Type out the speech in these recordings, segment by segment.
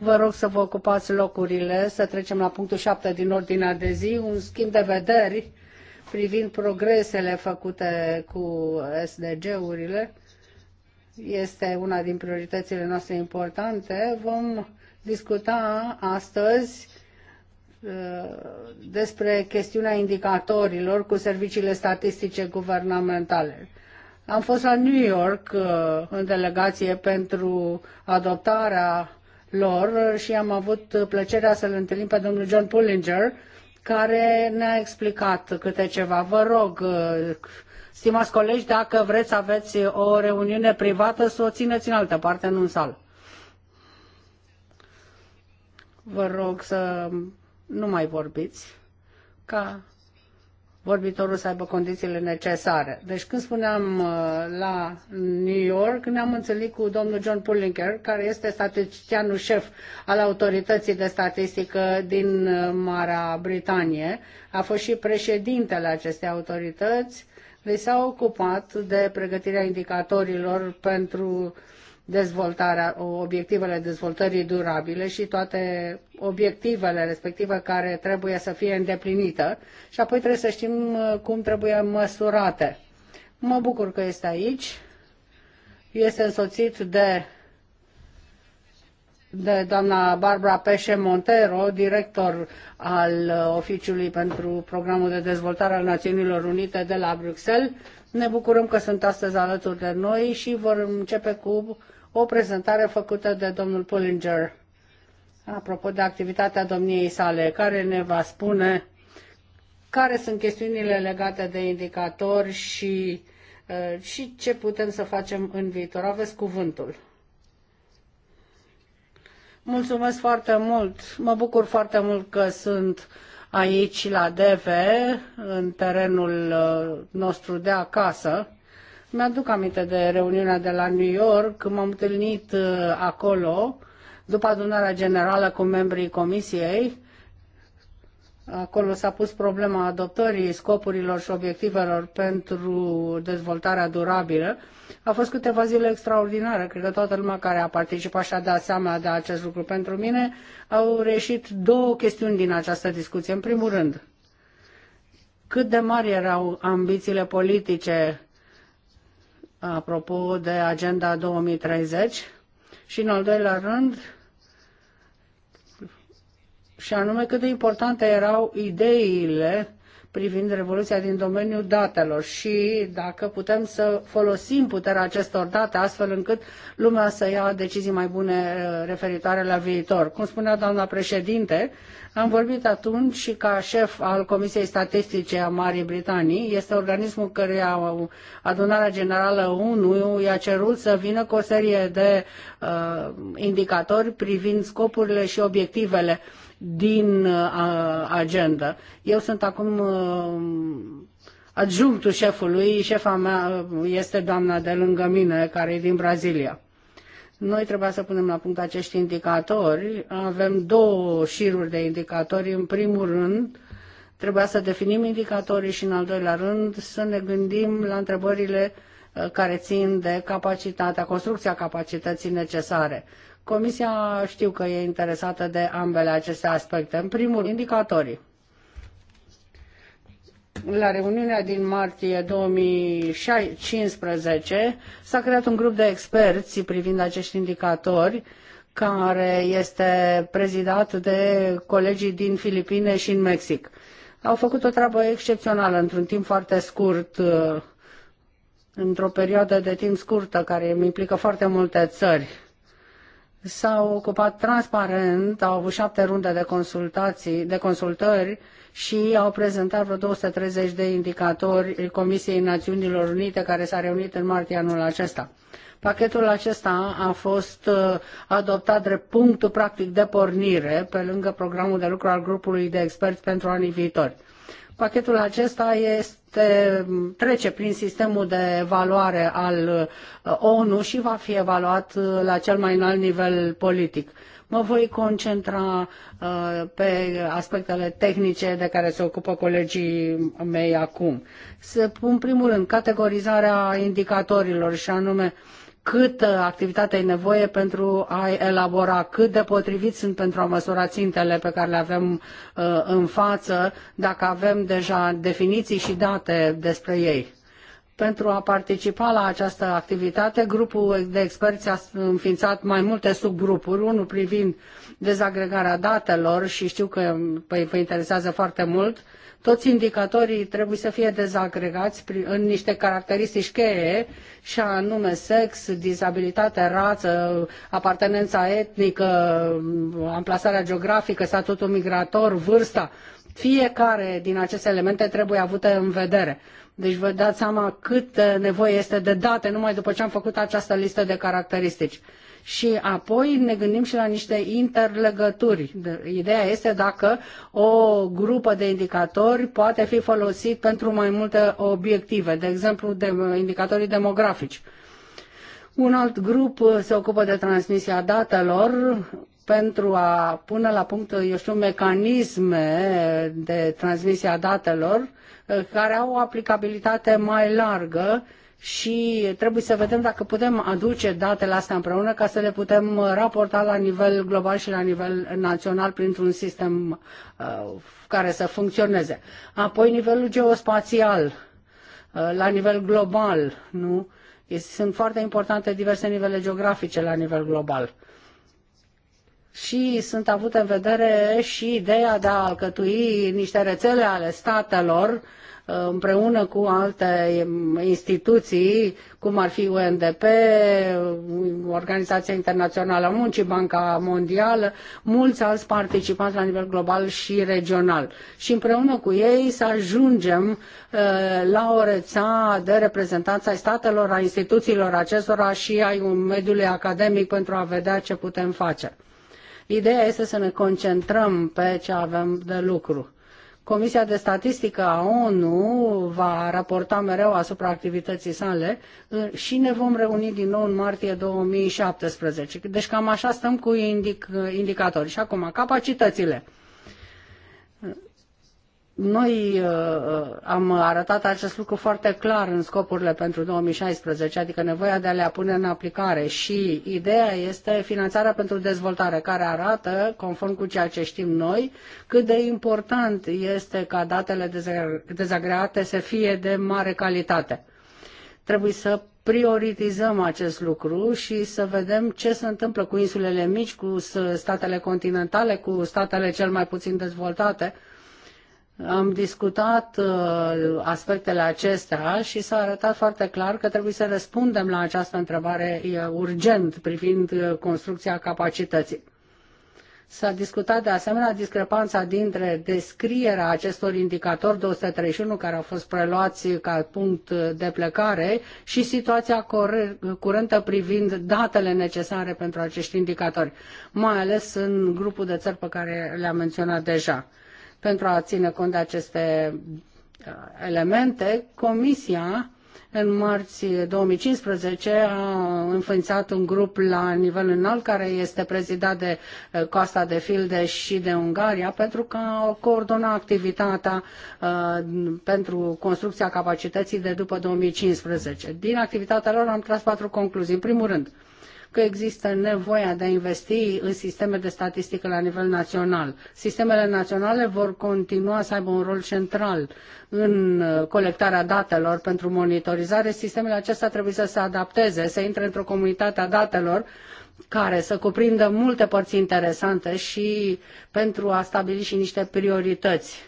Vă rog să vă ocupați locurile, să trecem la punctul șapte din ordinea de zi, un schimb de vederi privind progresele făcute cu SDG-urile. Este una din prioritățile noastre importante. Vom discuta astăzi uh, despre chestiunea indicatorilor cu serviciile statistice guvernamentale. Am fost la New York uh, în delegație pentru adoptarea lor și am avut plăcerea să-l întâlnim pe domnul John Pullinger, care ne-a explicat câte ceva. Vă rog, uh, stimați colegi, dacă vreți să aveți o reuniune privată, să o țineți în altă parte, nu în sală. Vă rog să nu mai vorbiți, ca vorbitorul să aibă condițiile necesare. Deci când spuneam uh, la New York, ne-am întâlnit cu domnul John Pullinger, care este statisticianul șef al autorității de statistică din uh, Marea Britanie. A fost și președintele acestei autorități. Deci s-a ocupat de pregătirea indicatorilor pentru uh, dezvoltarea, obiectivele dezvoltării durabile și toate obiectivele respective care trebuie să fie îndeplinite și apoi trebuie să știm uh, cum trebuie măsurate. Mă bucur că este aici. Este însoțit de, de doamna Barbara Peșe Montero, director al uh, Oficiului pentru Programul de Dezvoltare al Națiunilor Unite de la Bruxelles. Ne bucurăm că sunt astăzi alături de noi și vor începe cu o prezentare făcută de domnul Pullinger apropo de activitatea domniei sale, care ne va spune care sunt chestiunile legate de indicatori și, uh, și ce putem să facem în viitor. Aveți cuvântul. Mulțumesc foarte mult. Mă bucur foarte mult că sunt aici la DV, în terenul uh, nostru de acasă. Mi-aduc aminte de reuniunea de la New York, când m-am întâlnit uh, acolo, după adunarea generală cu membrii comisiei, Acolo s-a pus problema adoptării scopurilor și obiectivelor pentru dezvoltarea durabilă. A fost câteva zile extraordinare. Cred că toată lumea care a participat și-a dat seama de acest lucru. Pentru mine au reșit două chestiuni din această discuție. În primul rând, cât de mari erau ambițiile politice apropo de Agenda 2030 și, în al doilea rând, și anume cât de importante erau ideile privind revoluția din domeniul datelor și dacă putem să folosim puterea acestor date astfel încât lumea să ia decizii mai bune eh, referitoare la viitor. Cum spunea doamna președinte, am vorbit atunci și ca șef al Comisiei Statistice a Marii Britanii, este organismul căruia adunarea generală 1 i-a cerut să vină cu o serie de uh, indicatori privind scopurile și obiectivele uh, din uh, agenda. Eu sunt acum uh, adjunctul șefului, șefa mea uh, este doamna de lângă mine, care e din Brazilia. Noi trebuia să punem la punct acești indicatori. Avem două șiruri de indicatori. În primul rând, trebuia să definim indicatorii și, în al doilea rând, să ne gândim la întrebările care țin de capacitatea, construcția capacității necesare. Comisia știu că e interesată de ambele aceste aspecte. În primul rând, indicatorii. La reuniunea din martie 2015 s-a creat un grup de experți privind acești indicatori care este prezidat de colegii din Filipine și în Mexic. Au făcut o treabă excepțională într-un timp foarte scurt, într-o perioadă de timp scurtă care îmi implică foarte multe țări s-au ocupat transparent, au avut șapte runde de, consultații, de consultări și au prezentat vreo 230 de indicatori Comisiei Națiunilor Unite care s-a reunit în martie anul acesta. Pachetul acesta a fost uh, adoptat drept punctul practic de pornire pe lângă programul de lucru al grupului de experți pentru anii viitori. Pachetul acesta este, trece prin sistemul de evaluare al uh, ONU și va fi evaluat uh, la cel mai înalt nivel politic. Mă voi concentra uh, pe aspectele tehnice de care se ocupă colegii mei acum. Să pun primul rând categorizarea indicatorilor și anume uh, câtă activitate e nevoie pentru a elabora, cât de potriviți sunt pentru a măsura țintele pe care le avem uh, în față, dacă avem deja definiții și date despre ei. Pentru a participa la această activitate, grupul de experți a înființat mai multe subgrupuri, unul privind dezagregarea datelor și știu că păi, vă interesează foarte mult, uh, toți indicatorii trebuie să fie dezagregați în niște caracteristici cheie, și anume sex, dizabilitate, rață, apartenența etnică, amplasarea geografică, statutul migrator, vârsta. Fiecare din aceste elemente trebuie avute în vedere. Deci vă dați seama cât nevoie este de date numai după ce am făcut această listă de caracteristici. Și apoi ne gândim și la niște interlegături. Ideea este dacă o grupă de indicatori poate fi folosit pentru mai multe obiective, de exemplu de indicatorii demografici. Un alt grup se ocupă de transmisia datelor pentru a pune la punct, eu știu, mecanisme de transmisie a datelor Uh, care au o aplicabilitate mai largă și trebuie să vedem dacă putem aduce datele astea împreună ca să le putem raporta la nivel global și la nivel național printr-un sistem uh, care să funcționeze. Apoi nivelul geospațial uh, la nivel global, nu? Sunt foarte importante diverse nivele geografice la nivel global și sunt avute în vedere și ideea de a alcătui niște rețele ale statelor uh, împreună cu alte um, instituții, cum ar fi UNDP, uh, Organizația Internațională a Muncii, Banca Mondială, mulți alți participanți la nivel global și regional. Și împreună cu ei să ajungem uh, la o rețea de reprezentanță ai statelor, a instituțiilor acestora și ai mediului academic pentru a vedea ce putem face. Ideea este să ne concentrăm pe ce avem de lucru. Comisia de Statistică a ONU va raporta mereu asupra activității sale și ne vom reuni din nou în martie 2017. Deci cam așa stăm cu indic- indicatori. Și acum, capacitățile. Noi uh, uh, am arătat acest lucru foarte clar în scopurile pentru 2016, adică nevoia de a le pune în aplicare și ideea este finanțarea pentru dezvoltare, care arată, conform cu ceea ce știm noi, cât de important este ca datele dezagreate să fie de mare calitate. Trebuie să prioritizăm acest lucru și să vedem ce se întâmplă cu insulele mici, cu statele continentale, cu statele cel mai puțin dezvoltate, uh, am discutat uh, aspectele acestea și s-a arătat foarte clar că trebuie să răspundem la această întrebare urgent privind uh, construcția capacității. S-a discutat de asemenea discrepanța dintre descrierea acestor indicatori 231 care au fost preluați ca punct de plecare și situația curentă privind datele necesare pentru acești indicatori, mai ales în grupul de țări pe care le-am menționat deja. Pentru a ține cont de aceste uh, elemente, Comisia în marți 2015 a înființat un grup la nivel înalt care este prezidat de uh, Costa de Filde și de Ungaria pentru a coordona activitatea uh, pentru construcția capacității de după 2015. Din activitatea lor am tras patru concluzii. În primul rând, că există nevoia de a investi în sisteme de statistică la nivel național. Sistemele naționale vor continua să aibă un rol central în uh, colectarea datelor pentru monitorizare. Sistemele acestea trebuie să se adapteze, să intre într-o comunitate a datelor care să cuprindă multe părți interesante și pentru a stabili și niște priorități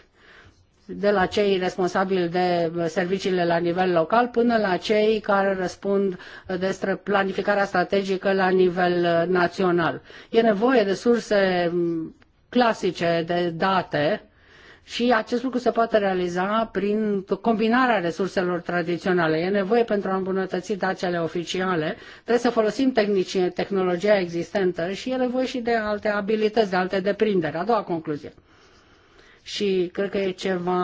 de la cei responsabili de uh, serviciile la nivel local până la cei care răspund uh, despre planificarea strategică la nivel uh, național. E nevoie de surse mm, clasice de date și acest lucru se poate realiza prin combinarea resurselor tradiționale. E nevoie pentru a îmbunătăți datele oficiale, trebuie să folosim tehnologia existentă și e nevoie și de alte abilități, de alte deprinderi. A doua concluzie și cred că e ceva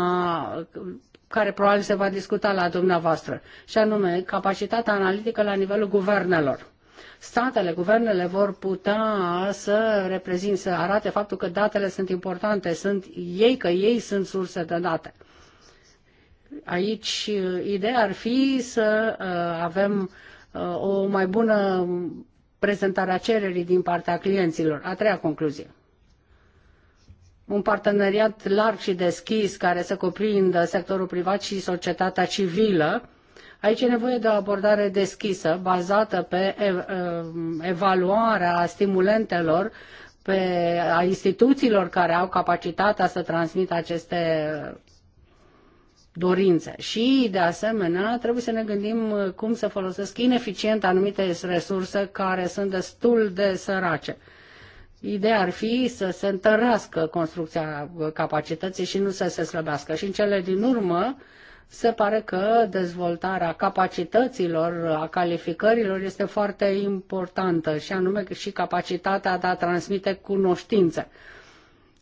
care probabil se va discuta la dumneavoastră, și anume capacitatea analitică la nivelul guvernelor. Statele, guvernele vor putea să reprezint, să arate faptul că datele sunt importante, sunt ei, că ei sunt surse de date. Aici uh, ideea ar fi să uh, avem uh, o mai bună prezentare a cererii din partea clienților. A treia concluzie un parteneriat larg și deschis care să cuprindă sectorul privat și societatea civilă. Aici e nevoie de o abordare deschisă, bazată pe evaluarea stimulentelor, pe a instituțiilor care au capacitatea să transmită aceste dorințe. Și, de asemenea, trebuie să ne gândim cum să folosesc ineficient anumite resurse care sunt destul de sărace. Ideea ar fi să se întărească construcția capacității și nu să se slăbească. Și în cele din urmă, se pare că dezvoltarea capacităților, a calificărilor este foarte importantă și anume și capacitatea de a transmite cunoștințe.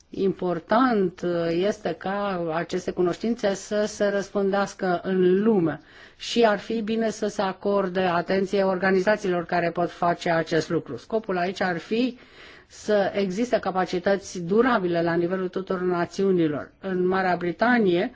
Important este ca aceste cunoștințe să se răspândească în lume și ar fi bine să se acorde atenție organizațiilor care pot face acest lucru. Scopul aici ar fi uh, să existe capacități durabile la nivelul tuturor națiunilor. În Marea Britanie,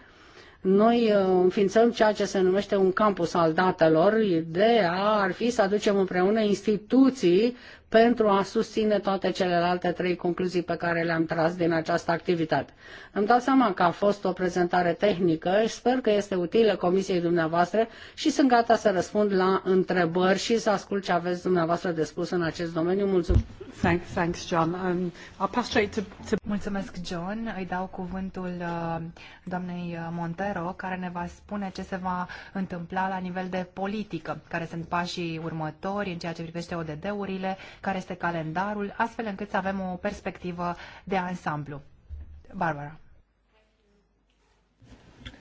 noi uh, înființăm ceea ce se numește un campus al datelor. Ideea ar fi să aducem împreună instituții pentru a susține toate celelalte trei concluzii pe care le-am tras din această activitate. Îmi dau seama că a fost o prezentare tehnică și sper că este utilă comisiei dumneavoastră și sunt gata să răspund la întrebări și să ascult ce aveți dumneavoastră de spus în acest domeniu. Mulțumesc! Thank, thanks, John. Um, I'll pass to, to... Mulțumesc, John. Îi dau cuvântul uh, doamnei uh, Montero, care ne va spune ce se va întâmpla la nivel de politică, care sunt pașii următori în ceea ce privește ODD-urile, care este calendarul, astfel încât să avem o perspectivă de ansamblu. Barbara.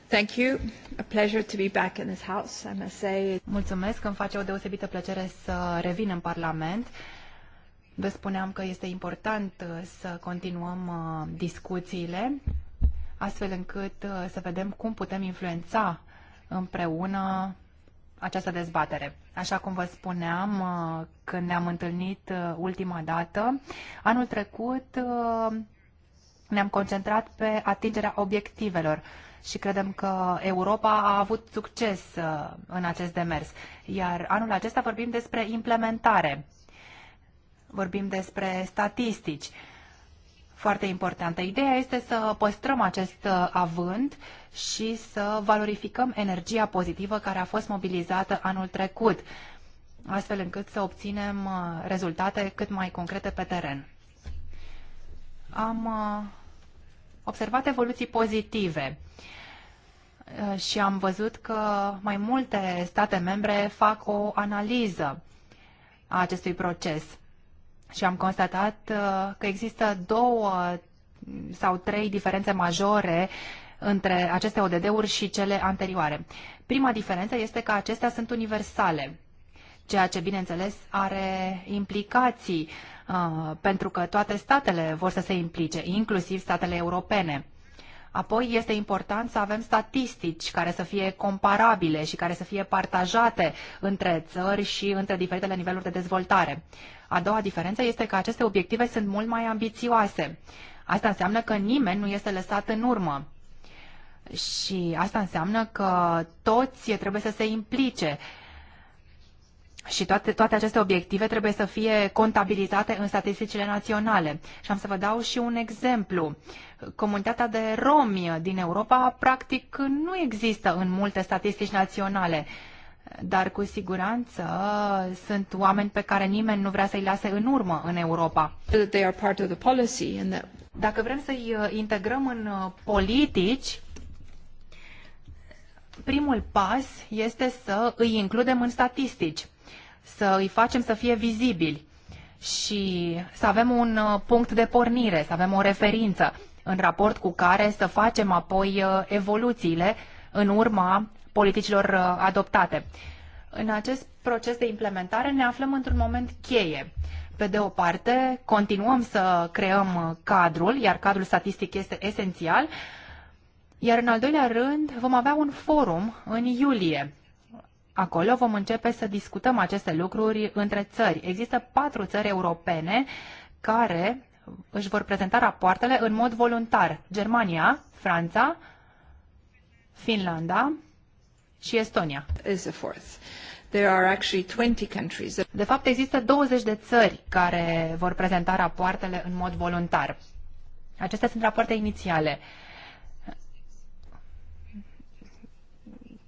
Thank you. A pleasure to be back in this house, I must say. Mulțumesc, îmi face o deosebită plăcere să revin în Parlament. Vă spuneam că este important uh, să continuăm uh, discuțiile, astfel încât uh, să vedem cum putem influența împreună această dezbatere. Așa cum vă spuneam uh, când ne-am întâlnit uh, ultima dată, anul trecut uh, ne-am concentrat pe atingerea obiectivelor și credem că Europa a avut succes în acest demers. Iar anul acesta vorbim despre implementare, vorbim despre statistici. Foarte importantă. Ideea este să păstrăm acest avânt și să valorificăm energia pozitivă care a fost mobilizată anul trecut, astfel încât să obținem uh, rezultate cât mai concrete pe teren. Am uh, observat evoluții pozitive uh, și am văzut că mai multe state membre fac o analiză a acestui proces și am constatat că există două sau trei diferențe majore între aceste ODD-uri și cele anterioare. Prima diferență este că acestea sunt universale, ceea ce, bineînțeles, are implicații, uh, pentru că toate statele vor să se implice, inclusiv statele europene. Apoi este important să avem statistici care să fie comparabile și care să fie partajate între țări și între diferitele niveluri de dezvoltare. A doua diferență este că aceste obiective sunt mult mai ambițioase. Asta înseamnă că nimeni nu este lăsat în urmă. Și asta înseamnă că toți trebuie să se implice. Și toate, toate aceste obiective trebuie să fie contabilizate în statisticile naționale. Și am să vă dau și un exemplu. Comunitatea de romi din Europa practic nu există în multe statistici naționale, dar cu siguranță sunt oameni pe care nimeni nu vrea să-i lase în urmă în Europa. Dacă vrem să-i integrăm în politici, primul pas este să îi includem în statistici, să îi facem să fie vizibili și să avem un uh, punct de pornire, să avem o referință în raport cu care să facem apoi uh, evoluțiile în urma politicilor uh, adoptate. În acest proces de implementare ne aflăm într-un moment cheie. Pe de o parte, continuăm să creăm cadrul, iar cadrul statistic este esențial, iar în al doilea rând vom avea un forum în iulie. Acolo vom începe să discutăm aceste lucruri între țări. Există patru țări europene care își vor prezenta rapoartele în mod voluntar. Germania, Franța, Finlanda și Estonia. De fapt, există 20 de țări care vor prezenta rapoartele în mod voluntar. Acestea sunt rapoarte inițiale.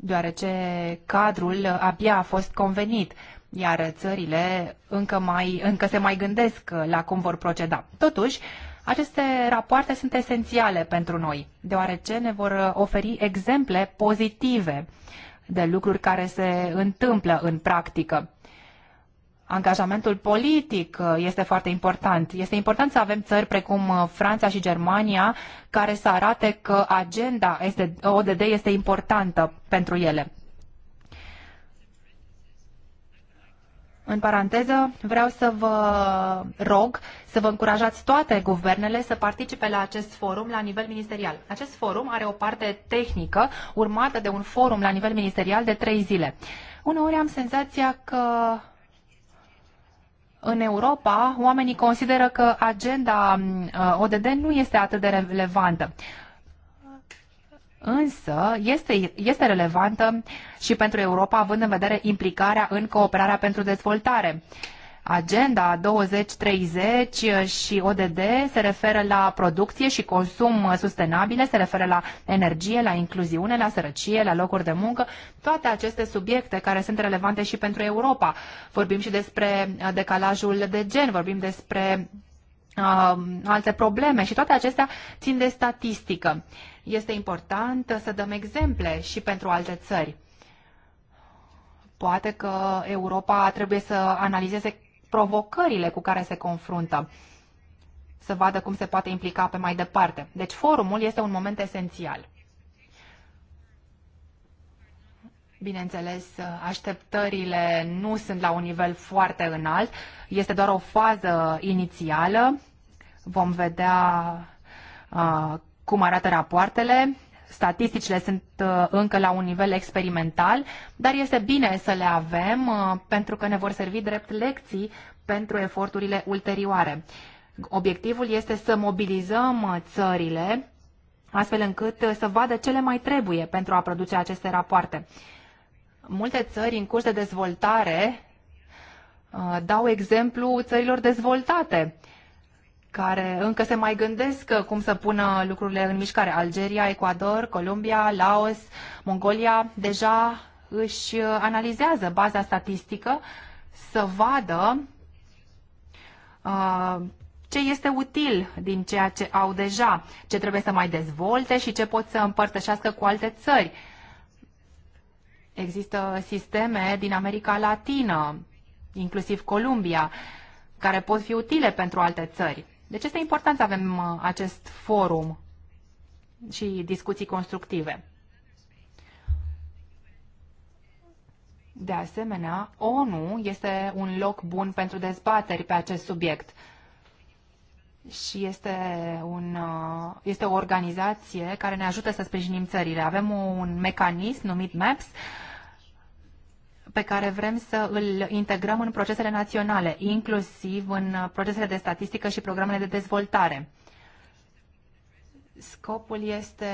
deoarece cadrul abia a fost convenit, iar țările încă, mai, încă se mai gândesc la cum vor proceda. Totuși, aceste rapoarte sunt esențiale pentru noi, deoarece ne vor oferi exemple pozitive de lucruri care se întâmplă în practică angajamentul politic uh, este foarte important. Este important să avem țări precum uh, Franța și Germania care să arate că agenda este, ODD este importantă pentru ele. În paranteză, vreau să vă rog să vă încurajați toate guvernele să participe la acest forum la nivel ministerial. Acest forum are o parte tehnică urmată de un forum la nivel ministerial de trei zile. Uneori am senzația că în Europa, oamenii consideră că agenda uh, ODD nu este atât de relevantă. Însă este, este relevantă și pentru Europa, având în vedere implicarea în cooperarea pentru dezvoltare. Uh, Agenda 2030 uh, și ODD se referă la producție și consum uh, sustenabile, se referă la energie, la incluziune, la sărăcie, la locuri de muncă, toate aceste subiecte care sunt relevante și pentru Europa. Vorbim și despre uh, decalajul de gen, vorbim despre uh, alte probleme și toate acestea țin de statistică. Este important să dăm exemple și pentru alte țări. Poate că Europa trebuie să analizeze provocările cu care se confruntă, să vadă cum se poate implica pe mai departe. Deci forumul este un moment esențial. Bineînțeles, așteptările nu sunt la un nivel foarte înalt, este doar o fază inițială. Vom vedea uh, cum arată rapoartele statisticile sunt uh, încă la un nivel experimental, dar este bine să le avem uh, pentru că ne vor servi drept lecții pentru eforturile ulterioare. Obiectivul este să mobilizăm uh, țările astfel încât să vadă ce le mai trebuie pentru a produce aceste rapoarte. Multe țări în curs de dezvoltare dau exemplu țărilor dezvoltate care încă se mai gândesc cum să pună lucrurile în mișcare. Algeria, Ecuador, Columbia, Laos, Mongolia deja își analizează baza statistică să vadă uh, ce este util din ceea ce au deja, ce trebuie să mai dezvolte și ce pot să împărtășească cu alte țări. Există sisteme din America Latină, inclusiv Columbia, care pot fi utile pentru alte țări. Deci este important să avem uh, acest forum și discuții constructive. De asemenea, ONU este un loc bun pentru dezbateri pe acest subiect și este, un, uh, este o organizație care ne ajută să sprijinim țările. Avem un mecanism numit MAPS pe care vrem să îl integrăm în procesele naționale, inclusiv în procesele de statistică și programele de dezvoltare. Scopul este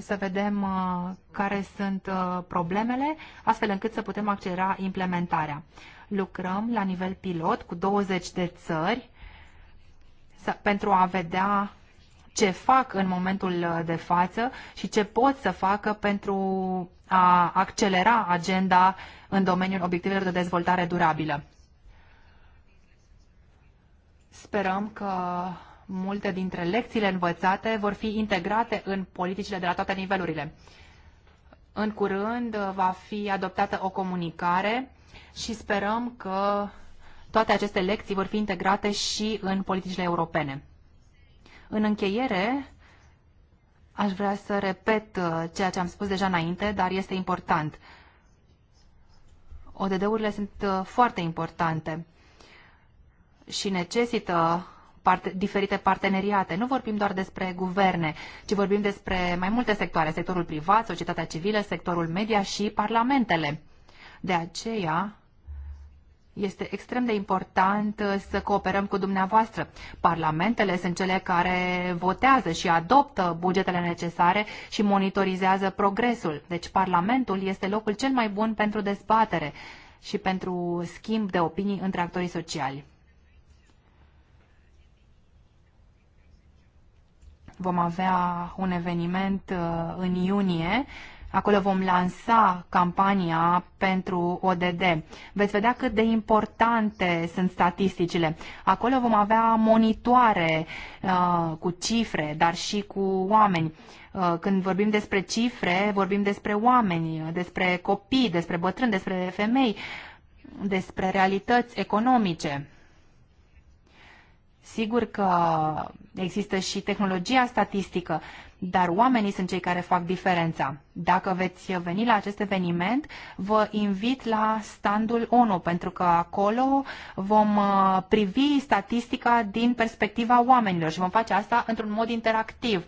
să vedem uh, care sunt uh, problemele, astfel încât să putem accelera implementarea. Lucrăm la nivel pilot cu 20 de țări pentru a vedea ce fac în momentul de față și ce pot să facă pentru a accelera agenda în domeniul obiectivelor de dezvoltare durabilă. Sperăm că multe dintre lecțiile învățate vor fi integrate în politicile de la toate nivelurile. În curând va fi adoptată o comunicare și sperăm că toate aceste lecții vor fi integrate și în politicile europene. În încheiere, aș vrea să repet uh, ceea ce am spus deja înainte, dar este important. ODD-urile sunt uh, foarte importante și necesită parte, diferite parteneriate. Nu vorbim doar despre guverne, ci vorbim despre mai multe sectoare, sectorul privat, societatea civilă, sectorul media și parlamentele. De aceea, este extrem de important uh, să cooperăm cu dumneavoastră. Parlamentele sunt cele care votează și adoptă bugetele necesare și monitorizează progresul. Deci Parlamentul este locul cel mai bun pentru dezbatere și pentru schimb de opinii între actorii sociali. Vom avea un eveniment uh, în iunie Acolo vom lansa campania pentru ODD. Veți vedea cât de importante sunt statisticile. Acolo vom avea monitoare uh, cu cifre, dar și cu oameni. Uh, când vorbim despre cifre, vorbim despre oameni, despre copii, despre bătrâni, despre femei, despre realități economice. Sigur că există și tehnologia statistică, dar oamenii sunt cei care fac diferența. Dacă veți veni la acest eveniment, vă invit la standul ONU, pentru că acolo vom uh, privi statistica din perspectiva oamenilor și vom face asta într-un mod interactiv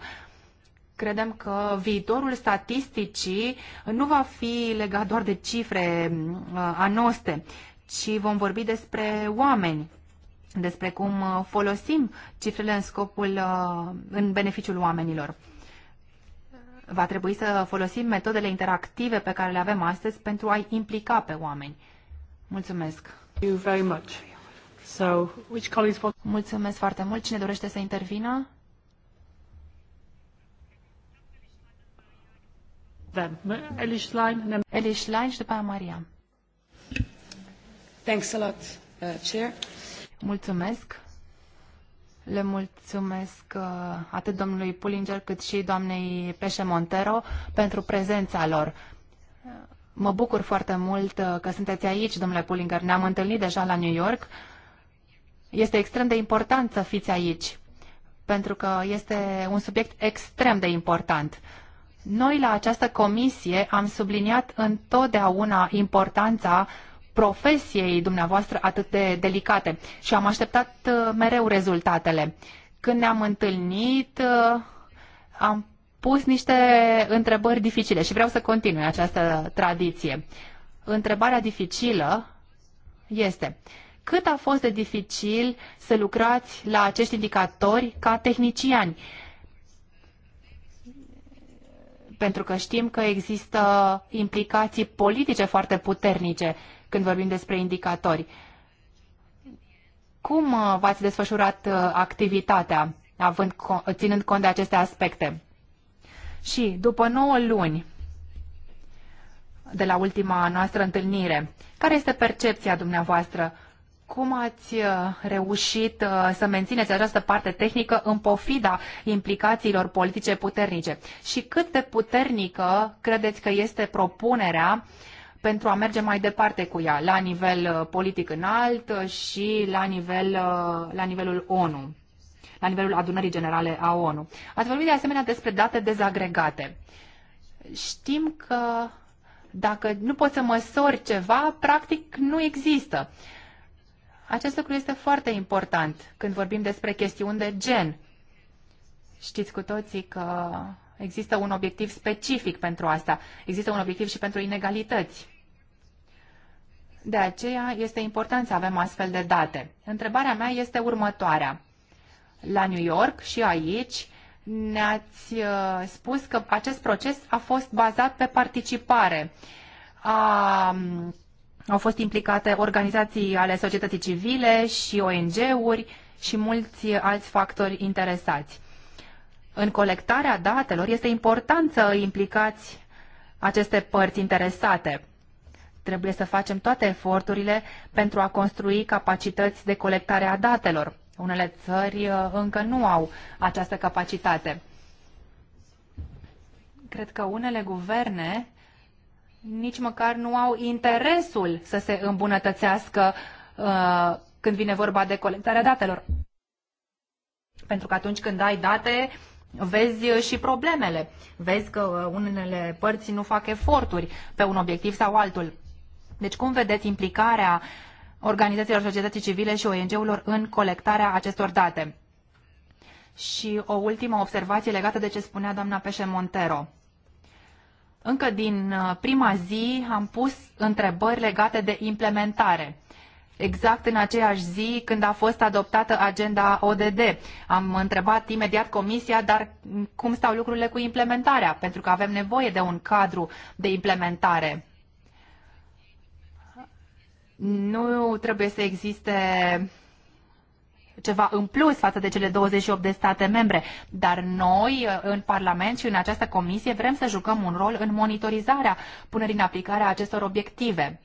credem că viitorul statisticii nu va fi legat doar de cifre uh, a noastre, ci vom vorbi despre oameni, despre cum folosim cifrele în scopul, uh, în beneficiul oamenilor va trebui să folosim metodele interactive pe care le avem astăzi pentru a-i implica pe oameni. Mulțumesc! Mulțumesc foarte mult. Cine dorește să intervină? Elish Line, și după aia Maria. Thanks a lot, uh, Chair. Mulțumesc. Le mulțumesc uh, atât domnului Pullinger cât și doamnei Peșe Montero pentru prezența lor. Uh, mă bucur foarte mult uh, că sunteți aici, domnule Pullinger. Ne-am întâlnit deja la New York. Este extrem de important să fiți aici, pentru că este un subiect extrem de important. Noi la această comisie am subliniat întotdeauna importanța uh, profesiei dumneavoastră atât de delicate și am așteptat uh, mereu rezultatele. Când ne-am întâlnit, uh, am pus niște întrebări dificile și vreau să continui această tradiție. Întrebarea dificilă este cât a fost de dificil să lucrați la acești indicatori ca tehniciani? Pentru că știm că există implicații politice foarte puternice când vorbim despre indicatori. Cum uh, v-ați desfășurat uh, activitatea, având, ținând cont de aceste aspecte? Și după 9 luni de la ultima noastră întâlnire, care este percepția dumneavoastră? Cum ați uh, reușit să mențineți această parte tehnică în pofida implicațiilor politice puternice? Și cât de puternică credeți că este propunerea pentru a merge mai departe cu ea, la nivel uh, politic înalt uh, și la, nivel, uh, la nivelul ONU, la nivelul adunării generale a ONU. Ați vorbit de asemenea despre date dezagregate. Știm că dacă nu poți să măsori ceva, practic nu există. Acest lucru este foarte important când vorbim despre chestiuni de gen. Știți cu toții că Există un obiectiv specific pentru asta. Există un obiectiv și pentru inegalități. De aceea este important să avem astfel de date. Întrebarea mea este următoarea. La New York și aici ne-ați uh, spus că acest proces a fost bazat pe participare. A, um, au fost implicate organizații ale societății civile și ONG-uri și mulți alți factori interesați în colectarea datelor este important să implicați aceste părți interesate. Trebuie să facem toate eforturile pentru a construi capacități de colectare a datelor. Unele țări uh, încă nu au această capacitate. Cred că unele guverne nici măcar nu au interesul să se îmbunătățească uh, când vine vorba de colectarea datelor. Pentru că atunci când ai date, vezi uh, și problemele. Vezi că uh, unele părți nu fac eforturi pe un obiectiv sau altul. Deci cum vedeți implicarea organizațiilor societății civile și ONG-urilor în colectarea acestor date? Și o ultimă observație legată de ce spunea doamna Peșe Montero. Încă din uh, prima zi am pus întrebări legate de implementare exact în aceeași zi când a fost adoptată agenda ODD. Am întrebat imediat Comisia, dar cum stau lucrurile cu implementarea? Pentru că avem nevoie de un cadru de implementare. Nu trebuie să existe ceva în plus față de cele 28 de state membre, dar noi în Parlament și în această comisie vrem să jucăm un rol în monitorizarea punerii în aplicare a acestor obiective.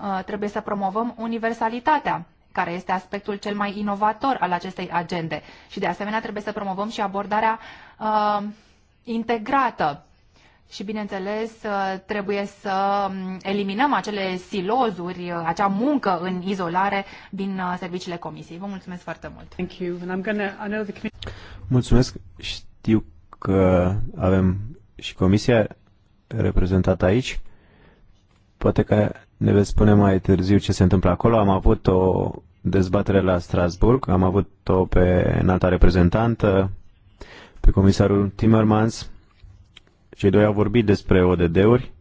Uh, trebuie să promovăm universalitatea care este aspectul cel mai inovator al acestei agende. Și de asemenea trebuie să promovăm și abordarea uh, integrată. Și bineînțeles uh, trebuie să um, eliminăm acele silozuri, uh, acea muncă în izolare din uh, serviciile comisiei. Vă mulțumesc foarte mult. Thank you. And I'm gonna, I know the mulțumesc. Știu că avem și comisia reprezentată aici. Poate că ne veți spune mai târziu ce se întâmplă acolo. Am avut o dezbatere la Strasburg, am avut-o pe înalta reprezentantă, pe comisarul Timmermans. Cei doi au vorbit despre ODD-uri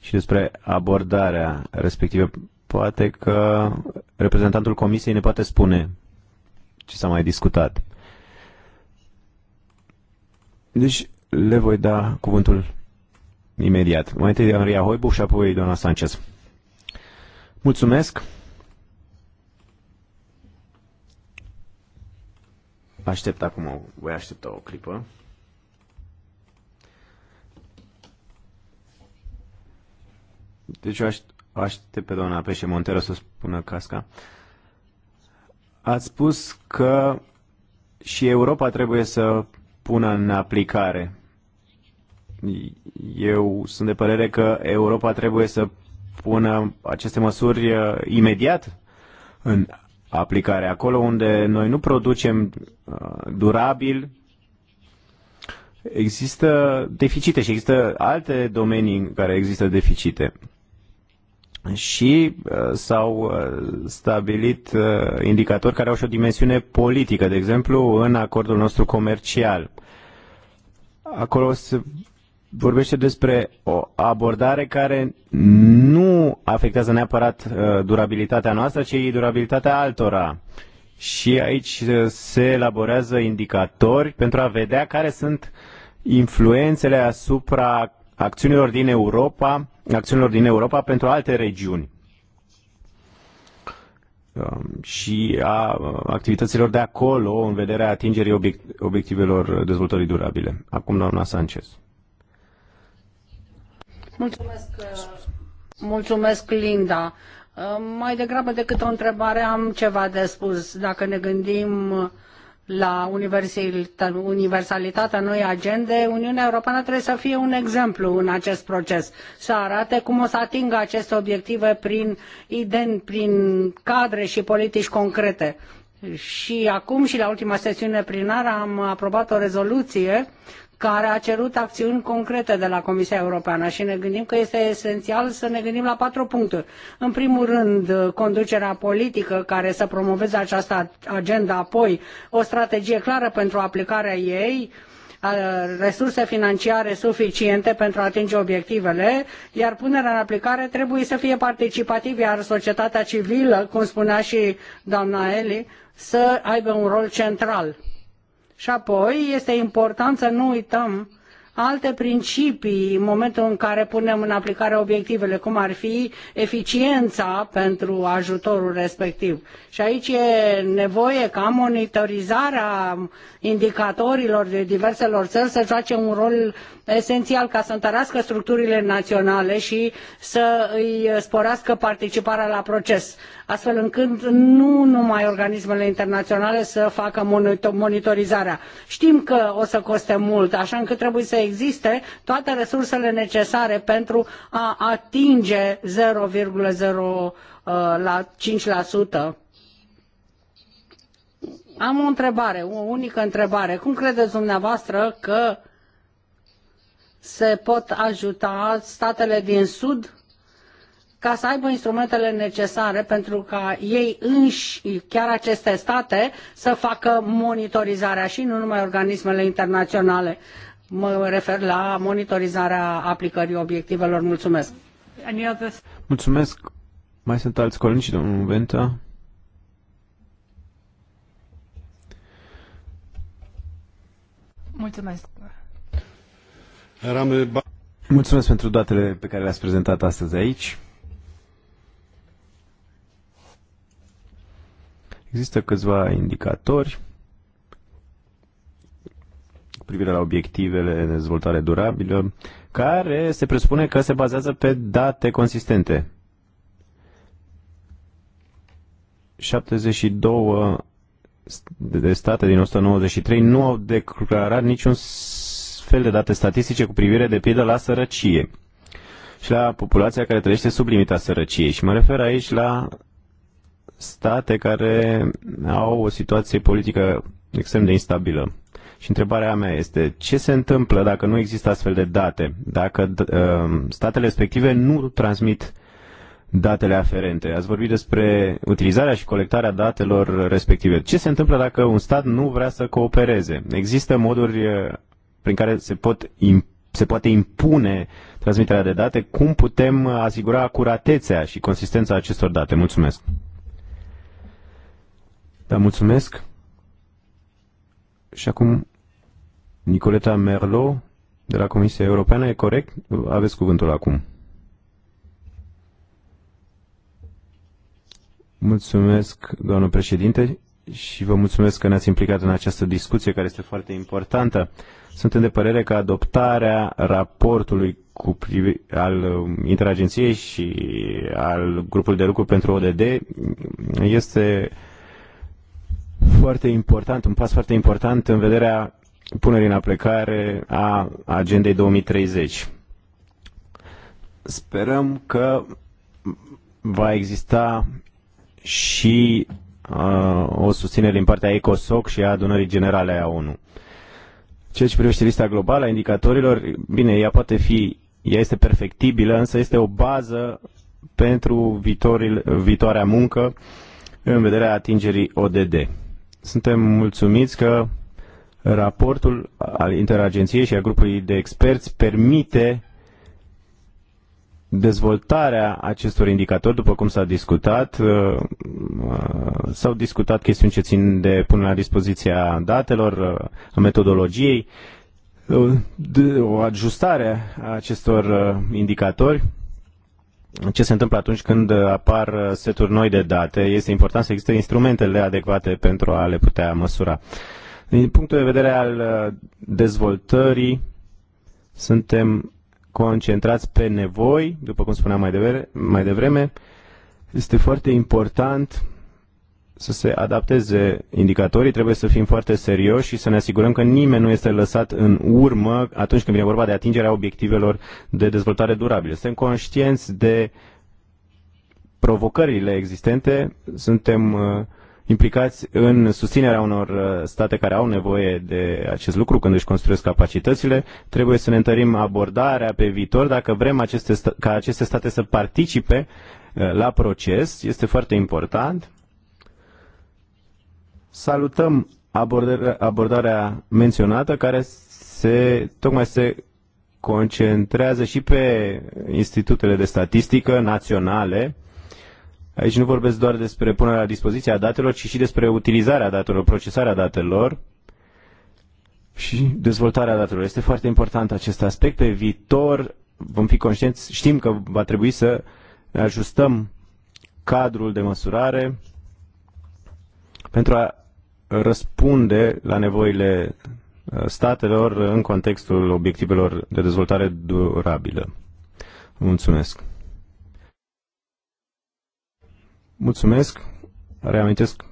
și despre abordarea respectivă. Poate că reprezentantul comisiei ne poate spune ce s-a mai discutat. Deci le voi da cuvântul imediat. Mai întâi Maria Hoibu și apoi doamna Sanchez. Mulțumesc! Aștept acum, voi aștepta o clipă. Deci eu aștept pe doamna Peșe Montero să spună casca. Ați spus că și Europa trebuie să pună în aplicare. Eu sunt de părere că Europa trebuie să pună aceste măsuri uh, imediat în aplicare. Acolo unde noi nu producem uh, durabil, există deficite și există alte domenii în care există deficite. Și uh, s-au stabilit indicatori care au și o dimensiune politică, de exemplu, în acordul nostru comercial. Acolo se vorbește despre o abordare care nu afectează neapărat uh, durabilitatea noastră, ci durabilitatea altora. Și aici uh, se elaborează indicatori pentru a vedea care sunt influențele asupra acțiunilor din Europa, acțiunilor din Europa pentru alte regiuni um, și a uh, activităților de acolo în vederea atingerii obiectivelor dezvoltării durabile. Acum doamna Sanchez. Mulțumesc, uh, mulțumesc Linda. Uh, mai degrabă decât o întrebare, am ceva de spus. Dacă ne gândim la universalitatea noii agende, Uniunea Europeană trebuie să fie un exemplu în acest proces, să arate cum o să atingă aceste obiective prin, ident, prin cadre și politici concrete. Și acum și la ultima sesiune plenară am aprobat o rezoluție care a cerut acțiuni concrete de la Comisia Europeană și ne gândim că este esențial să ne gândim la patru puncturi. În primul rând, conducerea politică care să promoveze această agenda, apoi o strategie clară pentru aplicarea ei, resurse financiare suficiente pentru a atinge obiectivele, iar punerea în aplicare trebuie să fie participativă, iar societatea civilă, cum spunea și doamna Eli, să aibă un rol central și apoi este important să nu uităm alte principii în momentul în care punem în aplicare obiectivele, cum ar fi eficiența pentru ajutorul respectiv. Și aici e nevoie ca monitorizarea indicatorilor de diverselor țări să joace un rol esenial ca să întărească structurile naționale și să îi sporească participarea la proces, astfel încât nu numai organismele internaționale să facă monitorizarea. Știm că o să coste mult, așa încât trebuie să existe toate resursele necesare pentru a atinge 0,0 uh, la 5%. Am o întrebare, o unică întrebare. Cum credeți dumneavoastră că se pot ajuta statele din Sud ca să aibă instrumentele necesare pentru ca ei înși, chiar aceste state, să facă monitorizarea și nu numai organismele internaționale. Mă refer la monitorizarea aplicării obiectivelor. Mulțumesc. Mulțumesc. Mai sunt alți colegi, domnul Venta. Mulțumesc. Mulțumesc pentru datele pe care le-ați prezentat astăzi aici. Există câțiva indicatori cu privire la obiectivele de dezvoltare durabilă, care se presupune că se bazează pe date consistente. 72 de state din 193 nu au declarat niciun astfel de date statistice cu privire de pildă la sărăcie și la populația care trăiește sub limita sărăciei. Și mă refer aici la state care au o situație politică extrem de instabilă. Și întrebarea mea este, ce se întâmplă dacă nu există astfel de date, dacă uh, statele respective nu transmit datele aferente? Ați vorbit despre utilizarea și colectarea datelor respective. Ce se întâmplă dacă un stat nu vrea să coopereze? Există moduri uh, prin care se, pot, se poate impune transmiterea de date, cum putem asigura acuratețea și consistența acestor date? Mulțumesc! Da, mulțumesc! Și acum Nicoleta Merlo de la Comisia Europeană, e corect? Aveți cuvântul acum. Mulțumesc, doamnă președinte și vă mulțumesc că ne-ați implicat în această discuție care este foarte importantă. Suntem de părere că adoptarea raportului cu privi, al um, interagenției și al grupului de lucru pentru ODD este foarte important, un pas foarte important în vederea punerii în aplicare a agendei 2030. Sperăm că va exista și o susținere din partea ECOSOC și a adunării generale a ONU. Ceea ce privește lista globală a indicatorilor, bine, ea poate fi, ea este perfectibilă, însă este o bază pentru viitoril, viitoarea muncă în vederea atingerii ODD. Suntem mulțumiți că raportul al interagenției și a grupului de experți permite dezvoltarea acestor indicatori, după cum s-a discutat, uh, uh, s-au discutat chestiuni ce țin de până la dispoziția datelor, uh, a metodologiei, o ajustare a acestor indicatori, ce se întâmplă atunci când apar seturi noi de date. Este important să existe instrumentele adecvate pentru a le putea măsura. Din punctul de vedere al dezvoltării, suntem concentrați pe nevoi, după cum spuneam mai devreme, mai devreme este foarte important să se adapteze indicatorii, trebuie să fim foarte serioși și să ne asigurăm că nimeni nu este lăsat în urmă atunci când vine vorba de atingerea obiectivelor de dezvoltare durabilă. Suntem conștienți de provocările existente, suntem uh, implicați în susținerea unor uh, state care au nevoie de acest lucru când își construiesc capacitățile. Trebuie să ne întărim abordarea pe viitor dacă vrem aceste, ca aceste state să participe uh, la proces. Este foarte important. Salutăm abordarea, abordarea menționată care se, tocmai se concentrează și pe institutele de statistică naționale Aici nu vorbesc doar despre punerea la dispoziție a datelor, ci și despre utilizarea datelor, procesarea datelor și dezvoltarea datelor. Este foarte important acest aspect. Pe viitor vom fi conștienți, știm că va trebui să ajustăm cadrul de măsurare pentru a răspunde la nevoile uh, statelor în contextul obiectivelor de dezvoltare durabilă. Mulțumesc. Mulțumesc. Reamintesc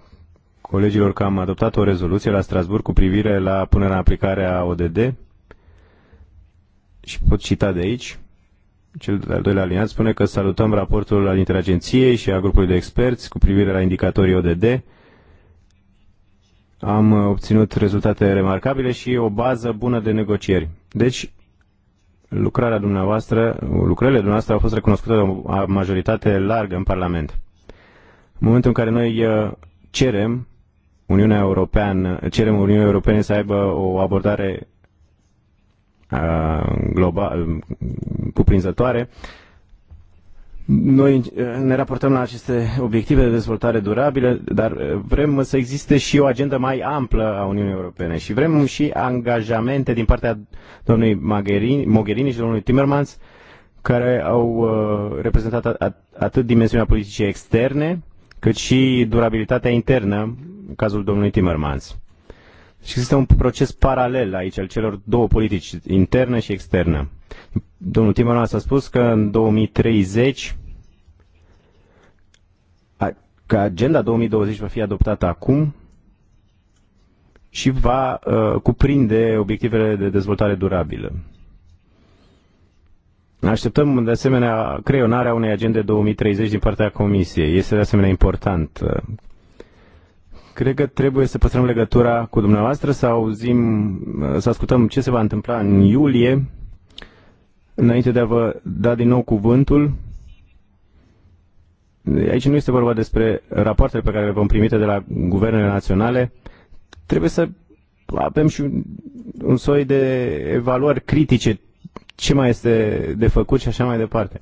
colegilor că am adoptat o rezoluție la Strasburg cu privire la punerea în aplicare a ODD și pot cita de aici. Cel de-al doilea aliniat spune că salutăm raportul al interagenției și a grupului de experți cu privire la indicatorii ODD. Am obținut rezultate remarcabile și o bază bună de negocieri. Deci, lucrarea dumneavoastră, lucrările dumneavoastră au fost recunoscute de o majoritate largă în Parlament. În momentul în care noi uh, cerem Uniunea Europeană, cerem Uniunea Europene să aibă o abordare uh, global, cuprinzătoare, noi uh, ne raportăm la aceste obiective de dezvoltare durabilă, dar vrem să existe și o agendă mai amplă a Uniunii Europene și vrem și angajamente din partea domnului Mogherini și domnului Timmermans, care au reprezentat atât dimensiunea politicii externe, cât și durabilitatea internă, în cazul domnului Timmermans. Și există un proces paralel aici al celor două politici, internă și externă. Domnul Timmermans a spus că în 2030 că agenda 2020 va fi adoptată acum și va uh, cuprinde obiectivele de dezvoltare durabilă. Așteptăm, de asemenea, creionarea unei agende 2030 din partea Comisiei. Este, de asemenea, important. Cred că trebuie să păstrăm legătura cu dumneavoastră, să auzim, să ascultăm ce se va întâmpla în iulie, înainte de a vă da din nou cuvântul. Aici nu este vorba despre rapoartele pe care le vom primite de la guvernele naționale. Trebuie să avem și un soi de evaluări critice ce mai este de făcut și așa mai departe.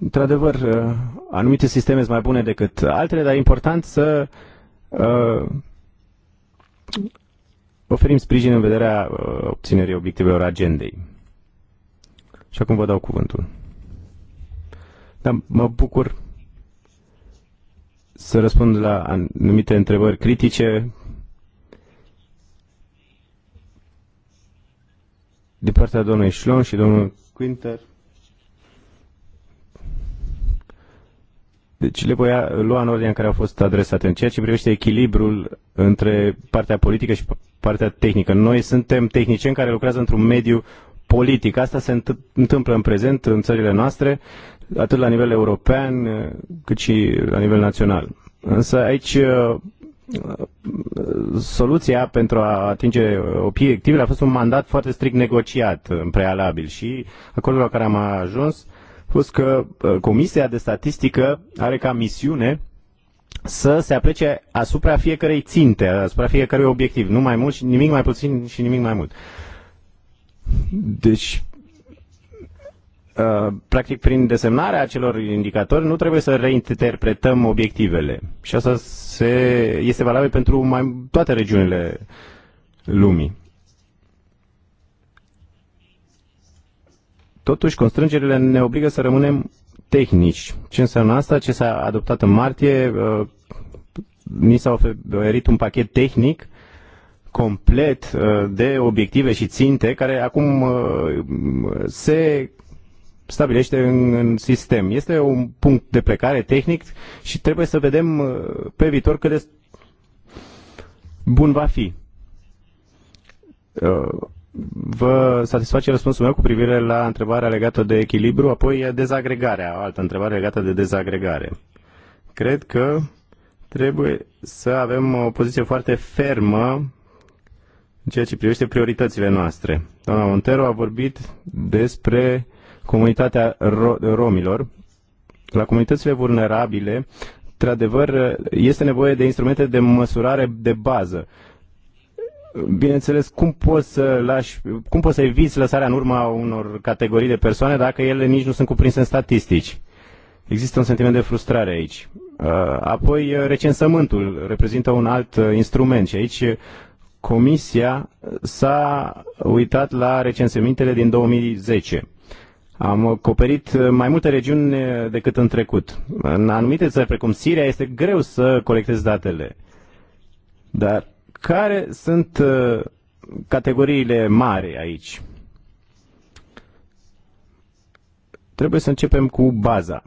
Într-adevăr, uh, anumite sisteme sunt mai bune decât altele, dar e important să uh, oferim sprijin în vederea uh, obținerii obiectivelor agendei. Și acum vă dau cuvântul. Dar mă bucur să răspund la anumite întrebări critice din partea domnului Schlon și domnul Quinter. Deci le voi lua în ordinea în care au fost adresate. În ceea ce privește echilibrul între partea politică și partea tehnică. Noi suntem tehnicieni care lucrează într-un mediu politic. Asta se întâmplă în prezent în țările noastre, atât la nivel european cât și la nivel național. Însă aici soluția pentru a atinge obiectivele a fost un mandat foarte strict negociat în prealabil și acordul la care am ajuns a fost că uh, Comisia de Statistică are ca misiune să se aplece asupra fiecărei ținte, asupra fiecărui obiectiv, nu mai mult și nimic mai puțin și nimic mai mult. Deci, Uh, practic prin desemnarea acelor indicatori nu trebuie să reinterpretăm obiectivele. Și asta se, este valabil pentru mai, toate regiunile lumii. Totuși, constrângerile ne obligă să rămânem tehnici. Ce înseamnă asta? Ce s-a adoptat în martie? Uh, ni s-a oferit un pachet tehnic complet uh, de obiective și ținte care acum se stabilește în, în sistem. Este un punct de plecare tehnic și trebuie să vedem uh, pe viitor cât de bun va fi. Uh, vă satisface răspunsul meu cu privire la întrebarea legată de echilibru, apoi dezagregarea, o altă întrebare legată de dezagregare. Cred că trebuie să avem o poziție foarte fermă în ceea ce privește prioritățile noastre. Doamna Montero a vorbit despre comunitatea ro- romilor, la comunitățile vulnerabile, într-adevăr, este nevoie de instrumente de măsurare de bază. Bineînțeles, cum poți să lași, cum poți să eviți lăsarea în urma unor categorii de persoane dacă ele nici nu sunt cuprinse în statistici? Există un sentiment de frustrare aici. Uh, apoi, uh, recensământul reprezintă un alt uh, instrument și aici Comisia s-a uitat la recensămintele din 2010. Am acoperit uh, mai multe regiuni uh, decât în trecut. În anumite țări, precum Siria, este greu să colectezi datele. Dar care sunt uh, categoriile mari aici? Trebuie să începem cu baza.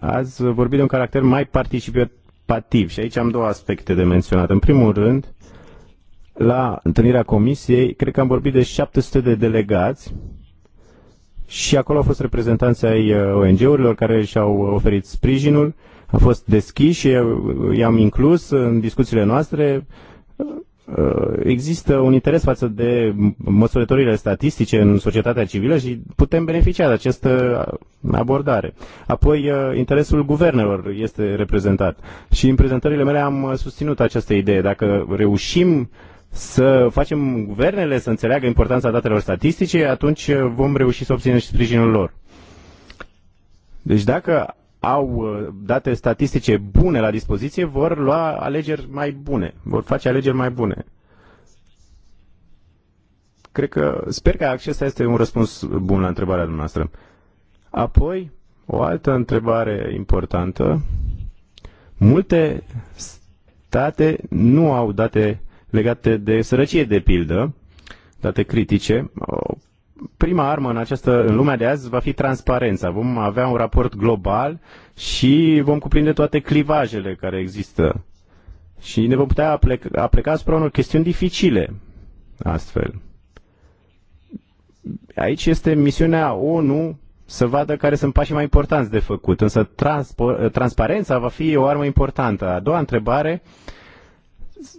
Azi vorbim de un caracter mai participativ și aici am două aspecte de menționat. În primul rând, la întâlnirea comisiei, cred că am vorbit de 700 de delegați și acolo au fost reprezentanții ai uh, ONG-urilor care și-au oferit sprijinul, a fost deschis și uh, i-am inclus în discuțiile noastre. Uh, există un interes față de măsurătorile statistice în societatea civilă și putem beneficia de această abordare. Apoi, interesul guvernelor este reprezentat și în prezentările mele am susținut această idee. Dacă reușim să facem guvernele să înțeleagă importanța datelor statistice, atunci vom reuși să obținem și sprijinul lor. Deci dacă au uh, date statistice bune la dispoziție, vor lua alegeri mai bune, vor face alegeri mai bune. Cred că, sper că acesta este un răspuns bun la întrebarea dumneavoastră. Apoi, o altă întrebare importantă. Multe state nu au date legate de sărăcie, de pildă, date critice. Prima armă în, această, în lumea de azi va fi transparența. Vom avea un raport global și vom cuprinde toate clivajele care există. Și ne vom putea apleca, apleca asupra unor chestiuni dificile astfel. Aici este misiunea ONU să vadă care sunt pașii mai importanți de făcut, însă transparența va fi o armă importantă. A doua întrebare uh,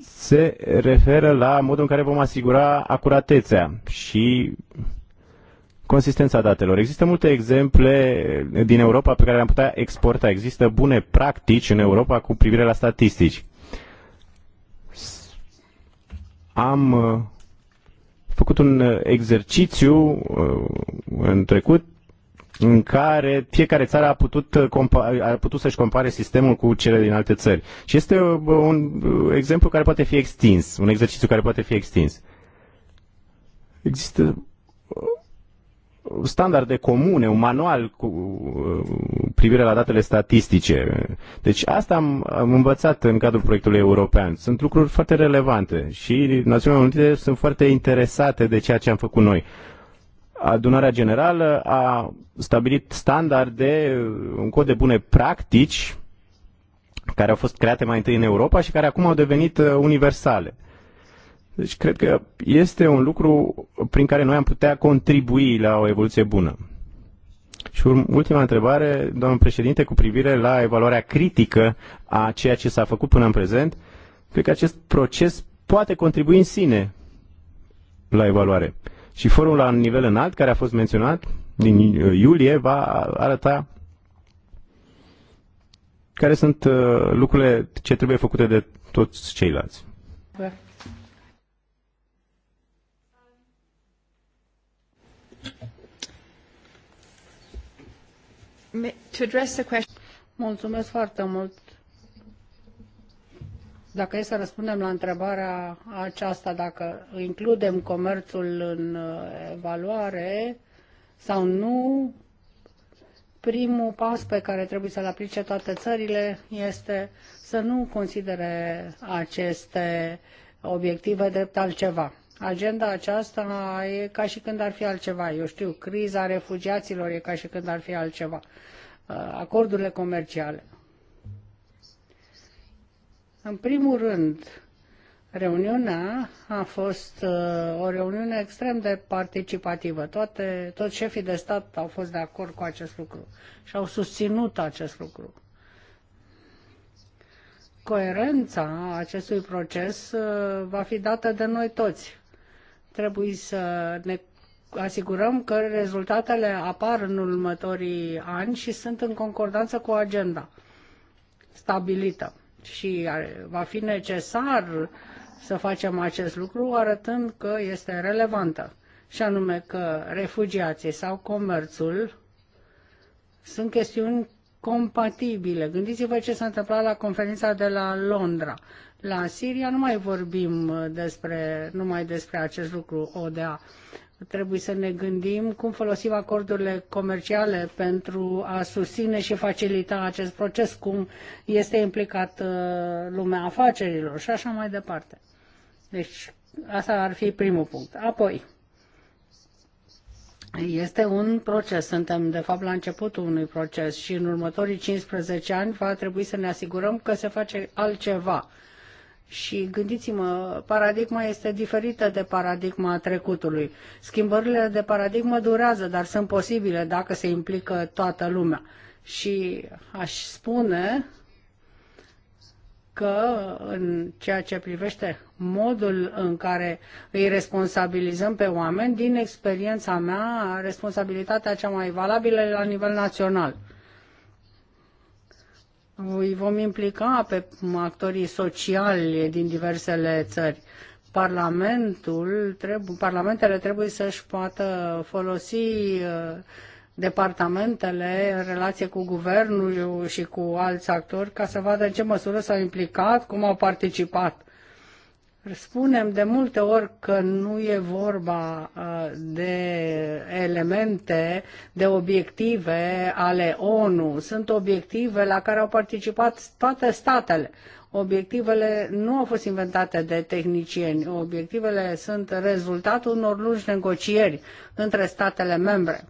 se referă la modul în care vom asigura acuratețea și consistența datelor. Există multe exemple din Europa pe care le-am putea exporta. Există bune practici în Europa cu privire la statistici. Am uh, făcut un uh, exercițiu uh, în trecut în care fiecare țară a putut, uh, a putut să-și compare sistemul cu cele din alte țări. Și este uh, un uh, exemplu care poate fi extins, un exercițiu care poate fi extins. Există standarde comune, un manual cu privire la datele statistice. Deci asta am, am învățat în cadrul proiectului european. Sunt lucruri foarte relevante și Națiunile Unite sunt foarte interesate de ceea ce am făcut noi. Adunarea Generală a stabilit standarde, un cod de bune practici care au fost create mai întâi în Europa și care acum au devenit uh, universale. Deci cred că este un lucru prin care noi am putea contribui la o evoluție bună. Și ultima întrebare, domnul președinte, cu privire la evaluarea critică a ceea ce s-a făcut până în prezent, cred că acest proces poate contribui în sine la evaluare. Și forul la nivel înalt, care a fost menționat din iulie, va arăta care sunt uh, lucrurile ce trebuie făcute de toți ceilalți. Mulțumesc foarte mult dacă e să răspundem la întrebarea aceasta, dacă includem comerțul în uh, evaluare sau nu, primul pas pe care trebuie să-l aplice toate țările este să nu considere aceste obiective drept altceva. Agenda aceasta e ca și când ar fi altceva. Eu știu, criza refugiaților e ca și când ar fi altceva. Uh, acordurile comerciale. În primul rând, reuniunea a fost uh, o reuniune extrem de participativă. Toate, toți șefii de stat au fost de acord cu acest lucru și au susținut acest lucru. Coerența acestui proces uh, va fi dată de noi toți. Trebuie să ne asigurăm că rezultatele apar în următorii ani și sunt în concordanță cu agenda stabilită și va fi necesar să facem acest lucru arătând că este relevantă. Și anume că refugiații sau comerțul sunt chestiuni compatibile. Gândiți-vă ce s-a întâmplat la conferința de la Londra. La Siria nu mai vorbim uh, despre, numai despre acest lucru ODA. Trebuie să ne gândim cum folosim acordurile comerciale pentru a susține și facilita acest proces, cum este implicat uh, lumea afacerilor și așa mai departe. Deci, asta ar fi primul punct. Apoi, este un proces, suntem de fapt la începutul unui proces și în următorii 15 ani va trebui să ne asigurăm că se face altceva. Și gândiți-mă, paradigma este diferită de paradigma trecutului. Schimbările de paradigmă durează, dar sunt posibile dacă se implică toată lumea. Și aș spune că în ceea ce privește modul în care îi responsabilizăm pe oameni, din experiența mea, responsabilitatea cea mai valabilă e la nivel național. Îi vom implica pe actorii sociali din diversele țări. Parlamentul, trebu- parlamentele trebuie să-și poată folosi uh, departamentele în relație cu guvernul și cu alți actori ca să vadă în ce măsură s-au implicat, cum au participat. Spunem de multe ori că nu e vorba uh, de elemente, de obiective ale ONU. Sunt obiective la care au participat toate statele. Obiectivele nu au fost inventate de tehnicieni. Obiectivele sunt rezultatul unor lungi negocieri între statele membre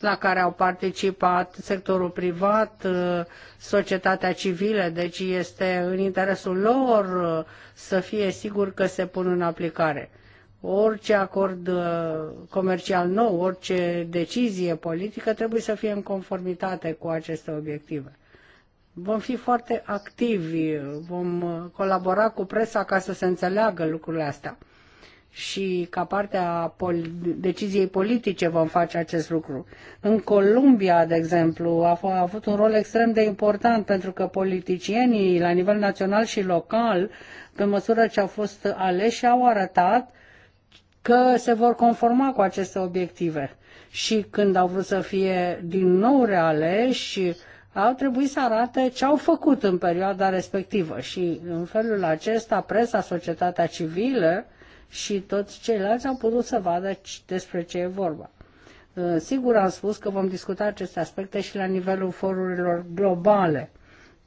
la care au participat sectorul privat, uh, societatea civilă, deci este în interesul lor uh, să fie sigur că se pun în aplicare. Orice acord uh, comercial nou, orice decizie politică trebuie să fie în conformitate cu aceste obiective. Vom fi foarte activi, vom colabora cu presa ca să se înțeleagă lucrurile astea și ca parte a pol- deciziei politice vom face acest lucru. În Columbia, de exemplu, a, a avut un rol extrem de important pentru că politicienii la nivel național și local, pe măsură ce au fost aleși, au arătat că se vor conforma cu aceste obiective. Și când au vrut să fie din nou realeși, au trebuit să arate ce au făcut în perioada respectivă. Și în felul acesta, presa, societatea civilă, și toți ceilalți au putut să vadă despre ce e vorba. Uh, sigur am spus că vom discuta aceste aspecte și la nivelul forurilor globale.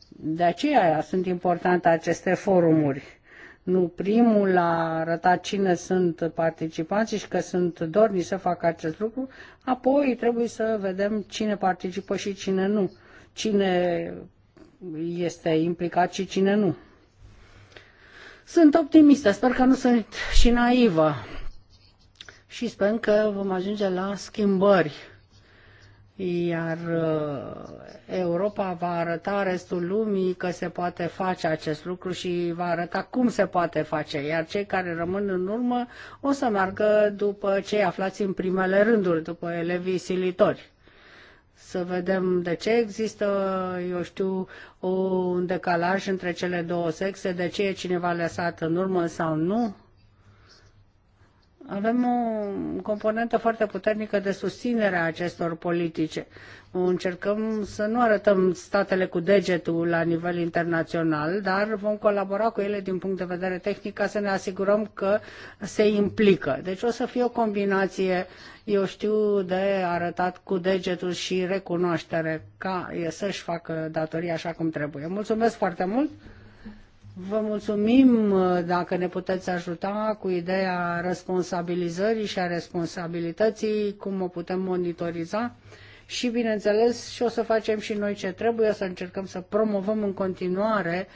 De aceea sunt importante aceste forumuri. Nu primul a arătat cine sunt participanții și că sunt dorni să facă acest lucru, apoi trebuie să vedem cine participă și cine nu, cine este implicat și cine nu. Sunt optimistă, sper că nu sunt și naivă și sper că vom ajunge la schimbări iar uh, Europa va arăta restul lumii că se poate face acest lucru și va arăta cum se poate face, iar cei care rămân în urmă o să meargă după cei aflați în primele rânduri, după elevii silitori să vedem de ce există, eu știu, un decalaj între cele două sexe, de ce e cineva lăsat în urmă sau nu. Avem o componentă foarte puternică de susținere a acestor politice, Încercăm să nu arătăm statele cu degetul la nivel internațional, dar vom colabora cu ele din punct de vedere tehnic ca să ne asigurăm că se implică. Deci o să fie o combinație, eu știu, de arătat cu degetul și recunoaștere ca să-și facă datoria așa cum trebuie. Mulțumesc foarte mult! Vă mulțumim dacă ne puteți ajuta cu ideea responsabilizării și a responsabilității, cum o putem monitoriza și, bineînțeles, și o să facem și noi ce trebuie, să încercăm să promovăm în continuare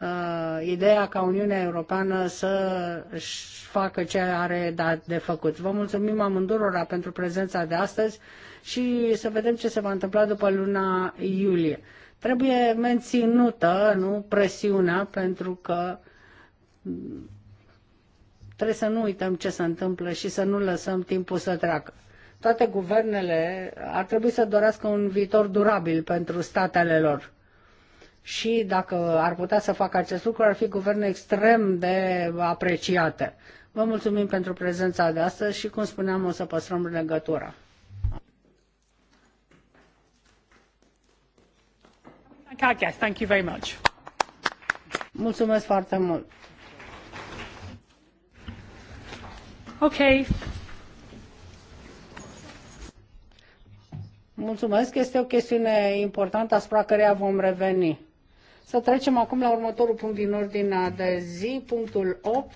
uh, ideea ca Uniunea Europeană să își facă ce are da de făcut. Vă mulțumim amândurora pentru prezența de astăzi și să vedem ce se va întâmpla după luna iulie. Trebuie menținută nu presiunea pentru că trebuie să nu uităm ce se întâmplă și să nu lăsăm timpul să treacă toate guvernele ar trebui să dorească un viitor durabil pentru statele lor. Și dacă ar putea să facă acest lucru, ar fi guverne extrem de apreciate. Vă mulțumim pentru prezența de astăzi și, cum spuneam, o să păstrăm legătura. thank you very much. Mulțumesc foarte mult. Okay. Mulțumesc, este o chestiune importantă asupra căreia vom reveni. Să trecem acum la următorul punct din ordinea de zi, punctul 8,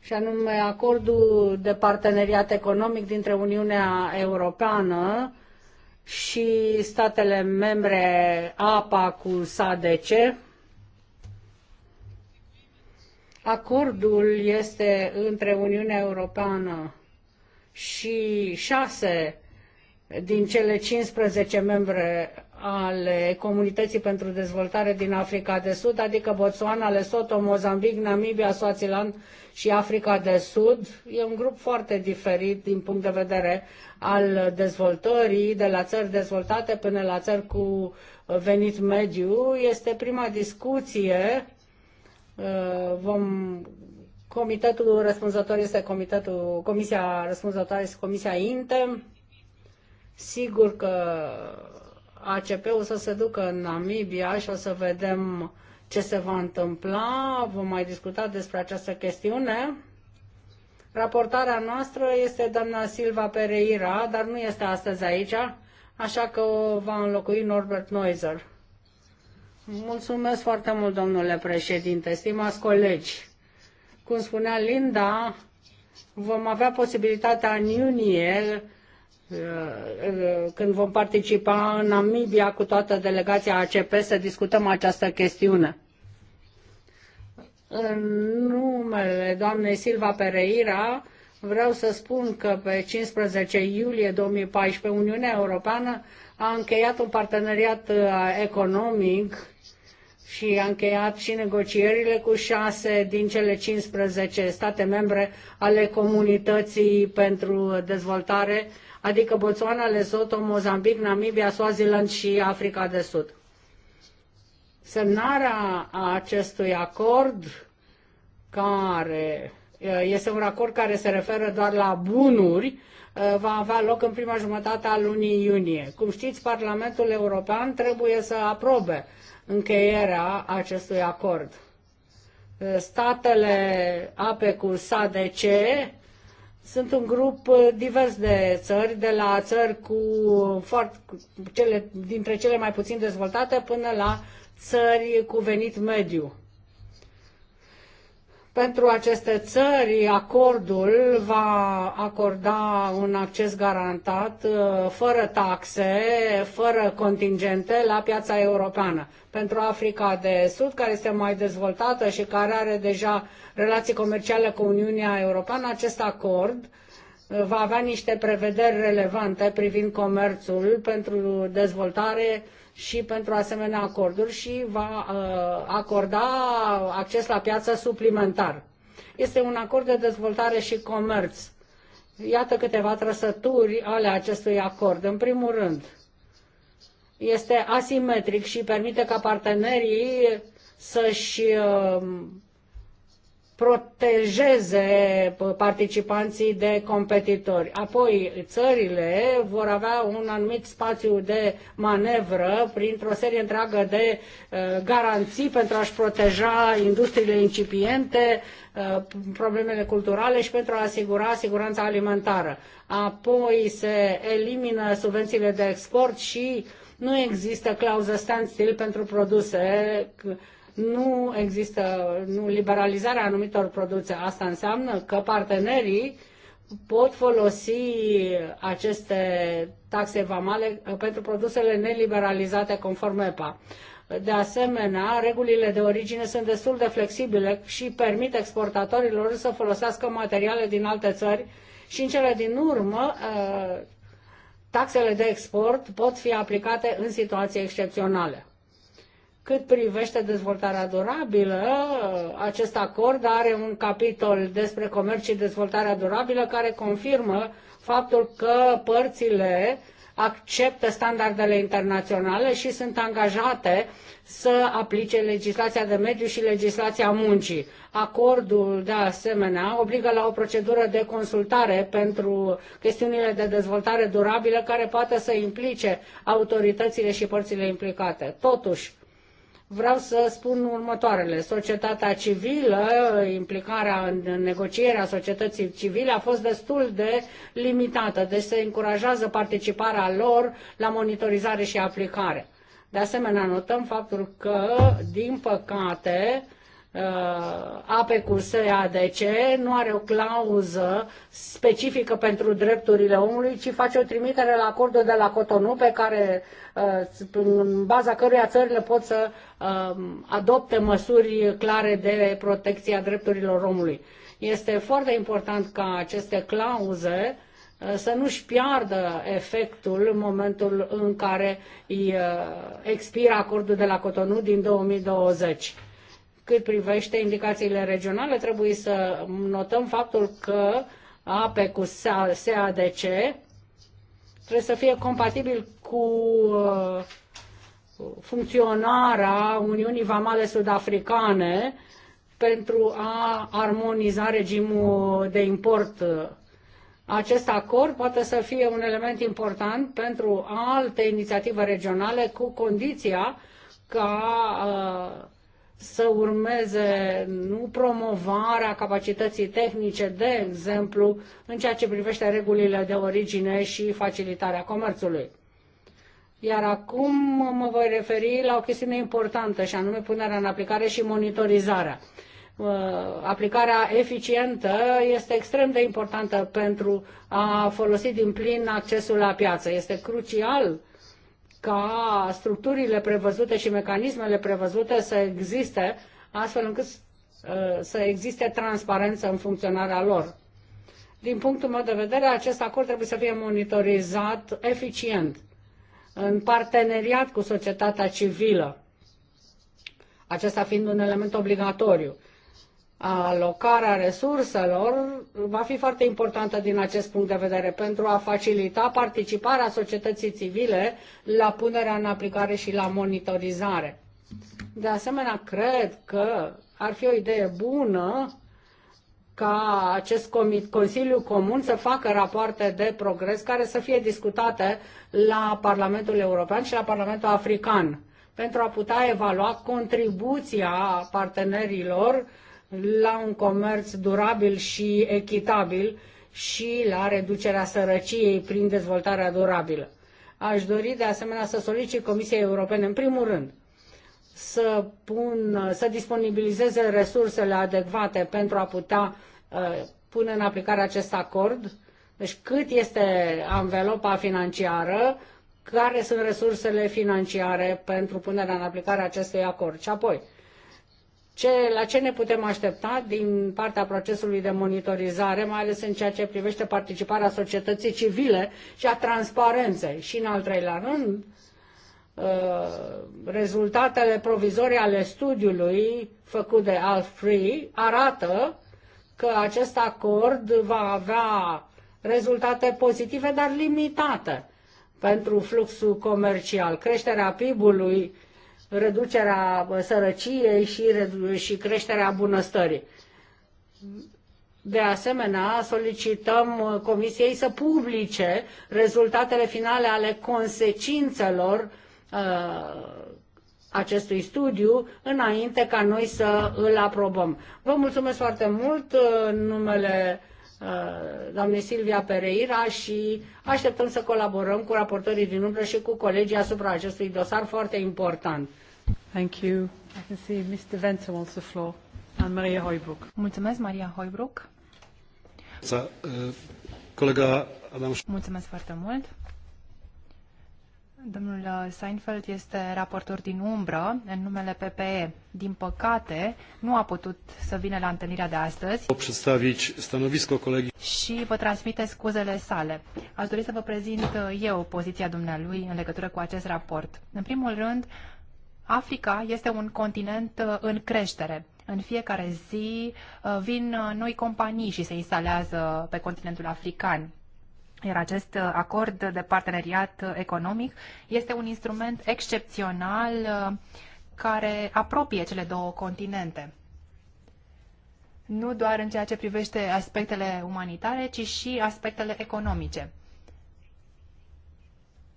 și anume acordul de parteneriat economic dintre Uniunea Europeană și statele membre APA cu SADC. Acordul este între Uniunea Europeană și șase din cele 15 membre ale Comunității pentru Dezvoltare din Africa de Sud, adică Botswana, Lesotho, Mozambic, Namibia, Swaziland și Africa de Sud. E un grup foarte diferit din punct de vedere al dezvoltării, de la țări dezvoltate până la țări cu venit mediu. Este prima discuție. Uh, vom Comitetul răspunzător este comitetul, comisia răspunzătoare este comisia INTE Sigur că ACP-ul să se ducă în Namibia și o să vedem ce se va întâmpla. Vom mai discuta despre această chestiune. Raportarea noastră este doamna Silva Pereira, dar nu este astăzi aici, așa că o va înlocui Norbert Neuser. Mulțumesc foarte mult, domnule președinte, stimați colegi. Cum spunea Linda, vom avea posibilitatea în iunie Uh, când vom participa în Namibia cu toată delegația ACP să discutăm această chestiune. În numele doamnei Silva Pereira, vreau să spun că pe 15 iulie 2014 Uniunea Europeană a încheiat un parteneriat uh, economic și a încheiat și negocierile cu șase din cele 15 state membre ale comunității pentru dezvoltare adică Botswana, Lesotho, Mozambic, Namibia, Swaziland și Africa de Sud. Semnarea acestui acord, care eh, este un acord care se referă doar la bunuri, eh, va avea loc în prima jumătate a lunii iunie. Cum știți, Parlamentul European trebuie să aprobe încheierea acestui acord. Eh, statele APE cu SADC sunt un grup uh, divers de țări, de la țări cu uh, foarte, cele, dintre cele mai puțin dezvoltate până la țări cu venit mediu. Pentru aceste țări, acordul va acorda un acces garantat, uh, fără taxe, fără contingente, la piața europeană. Pentru Africa de Sud, care este mai dezvoltată și care are deja relații comerciale cu Uniunea Europeană, acest acord uh, va avea niște prevederi relevante privind comerțul pentru dezvoltare și pentru asemenea acorduri și va uh, acorda acces la piață suplimentar. Este un acord de dezvoltare și comerț. Iată câteva trăsături ale acestui acord. În primul rând, este asimetric și permite ca partenerii să-și uh, protejeze participanții de competitori. Apoi, țările vor avea un anumit spațiu de manevră printr-o serie întreagă de uh, garanții pentru a-și proteja industriile incipiente, uh, problemele culturale și pentru a asigura siguranța alimentară. Apoi se elimină subvențiile de export și nu există clauză standstill pentru produse nu există nu, liberalizarea anumitor produse. Asta înseamnă că partenerii pot folosi aceste taxe vamale uh, pentru produsele neliberalizate conform EPA. De asemenea, regulile de origine sunt destul de flexibile și permit exportatorilor să folosească materiale din alte țări și în cele din urmă uh, taxele de export pot fi aplicate în situații excepționale. Cât privește dezvoltarea durabilă, acest acord are un capitol despre comerț și dezvoltarea durabilă care confirmă faptul că părțile acceptă standardele internaționale și sunt angajate să aplice legislația de mediu și legislația muncii. Acordul, de asemenea, obligă la o procedură de consultare pentru chestiunile de dezvoltare durabilă care poate să implice autoritățile și părțile implicate. Totuși, vreau să spun următoarele. Societatea civilă, implicarea în negocierea societății civile a fost destul de limitată, deci se încurajează participarea lor la monitorizare și aplicare. De asemenea, notăm faptul că, din păcate, uh, uh, APE cu SADC nu are o clauză specifică pentru drepturile omului, ci face o trimitere la acordul de la Cotonou pe care, uh, în baza căruia țările pot să uh, adopte măsuri clare de protecție a drepturilor omului. Este foarte important ca aceste clauze uh, să nu-și piardă efectul în momentul în care uh, expiră acordul de la Cotonou din 2020 cât privește indicațiile regionale, trebuie să notăm faptul că APE cu SADC trebuie să fie compatibil cu uh, funcționarea Uniunii Vamale Sud-Africane pentru a armoniza regimul de import. Acest acord poate să fie un element important pentru alte inițiative regionale cu condiția ca uh, să urmeze nu promovarea capacității tehnice, de exemplu, în ceea ce privește regulile de origine și facilitarea comerțului. Iar acum mă voi referi la o chestiune importantă, și anume punerea în aplicare și monitorizarea. Uh, aplicarea eficientă este extrem de importantă pentru a folosi din plin accesul la piață. Este crucial ca structurile prevăzute și mecanismele prevăzute să existe, astfel încât uh, să existe transparență în funcționarea lor. Din punctul meu de vedere, acest acord trebuie să fie monitorizat eficient, în parteneriat cu societatea civilă, acesta fiind un element obligatoriu alocarea resurselor va fi foarte importantă din acest punct de vedere pentru a facilita participarea societății civile la punerea în aplicare și la monitorizare. De asemenea, cred că ar fi o idee bună ca acest Consiliu Comun să facă rapoarte de progres care să fie discutate la Parlamentul European și la Parlamentul African pentru a putea evalua contribuția partenerilor la un comerț durabil și echitabil și la reducerea sărăciei prin dezvoltarea durabilă. Aș dori de asemenea să solicit Comisiei Europene, în primul rând, să, pun, să disponibilizeze resursele adecvate pentru a putea uh, pune în aplicare acest acord, deci cât este anvelopa financiară, care sunt resursele financiare pentru punerea în aplicare acestui acord. Și apoi, ce, la ce ne putem aștepta din partea procesului de monitorizare, mai ales în ceea ce privește participarea societății civile și a transparenței. Și în al treilea rând, uh, rezultatele provizorii ale studiului făcut de Alfree arată că acest acord va avea rezultate pozitive, dar limitate pentru fluxul comercial. Creșterea PIB-ului reducerea sărăciei și, și creșterea bunăstării. De asemenea, solicităm Comisiei să publice rezultatele finale ale consecințelor uh, acestui studiu înainte ca noi să îl aprobăm. Vă mulțumesc foarte mult uh, în numele Uh, doamnei Silvia Pereira și așteptăm să colaborăm cu raportorii din umbră și cu colegii asupra acestui dosar foarte important. Thank you. I can see Mr. Venter wants the floor. And Maria Hoibruc. Mulțumesc, Maria uh, Colega Adam... Mulțumesc foarte mult. Domnul Seinfeld este raportor din umbră în numele PPE. Din păcate, nu a putut să vină la întâlnirea de astăzi și vă transmite scuzele sale. Aș dori să vă prezint uh, eu poziția dumnealui în legătură cu acest raport. În primul rând, Africa este un continent uh, în creștere. În fiecare zi uh, vin noi companii și se instalează pe continentul african iar acest acord de parteneriat economic este un instrument excepțional uh, care apropie cele două continente. Nu doar în ceea ce privește aspectele umanitare, ci și aspectele economice.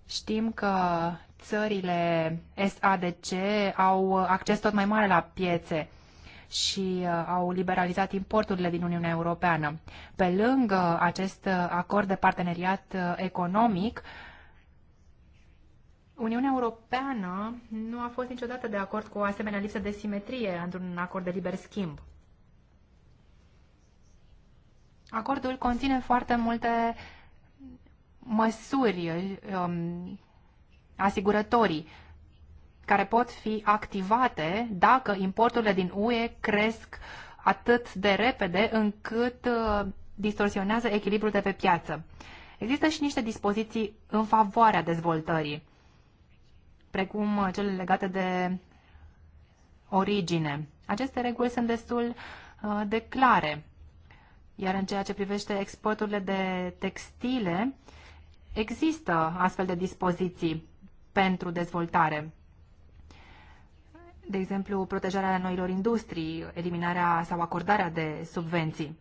Știm că țările SADC au acces tot mai mare la piețe și uh, au liberalizat importurile din Uniunea Europeană. Pe lângă acest uh, acord de parteneriat uh, economic, Uniunea Europeană nu a fost niciodată de acord cu o asemenea lipsă de simetrie într-un acord de liber schimb. Acordul conține foarte multe măsuri um, asigurătorii care pot fi activate dacă importurile din UE cresc atât de repede încât uh, distorsionează echilibrul de pe piață. Există și niște dispoziții în favoarea dezvoltării, precum uh, cele legate de origine. Aceste reguli sunt destul uh, de clare. Iar în ceea ce privește exporturile de textile, există astfel de dispoziții pentru dezvoltare de exemplu, protejarea noilor industrii, eliminarea sau acordarea de subvenții.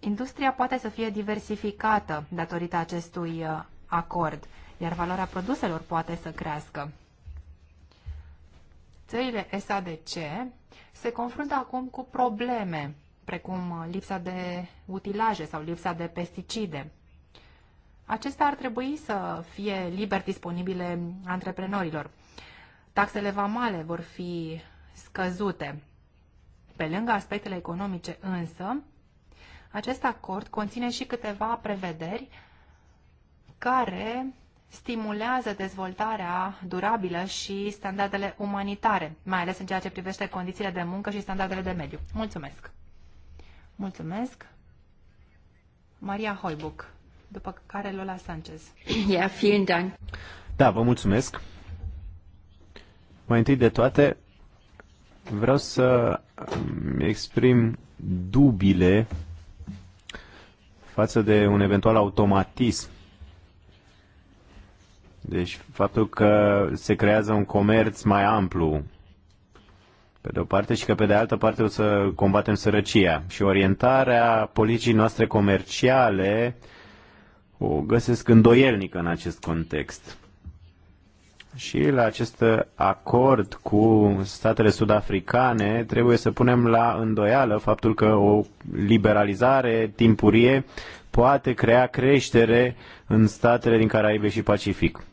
Industria poate să fie diversificată datorită acestui uh, acord, iar valoarea produselor poate să crească. Țările SADC se confruntă acum cu probleme, precum uh, lipsa de utilaje sau lipsa de pesticide. Acestea ar trebui să fie liber disponibile antreprenorilor taxele vamale vor fi scăzute. Pe lângă aspectele economice însă, acest acord conține și câteva prevederi care stimulează dezvoltarea durabilă și standardele umanitare, mai ales în ceea ce privește condițiile de muncă și standardele de mediu. Mulțumesc! Mulțumesc! Maria Hoibuc, după care Lola Sanchez. Ja, vielen Dank. Da, vă mulțumesc. Mai întâi de toate, vreau să exprim dubile față de un eventual automatism. Deci faptul că se creează un comerț mai amplu, pe de o parte, și că pe de altă parte o să combatem sărăcia. Și orientarea politicii noastre comerciale o găsesc îndoielnică în acest context și la acest acord cu statele sud-africane trebuie să punem la îndoială faptul că o liberalizare timpurie poate crea creștere în statele din Caraibe și Pacific.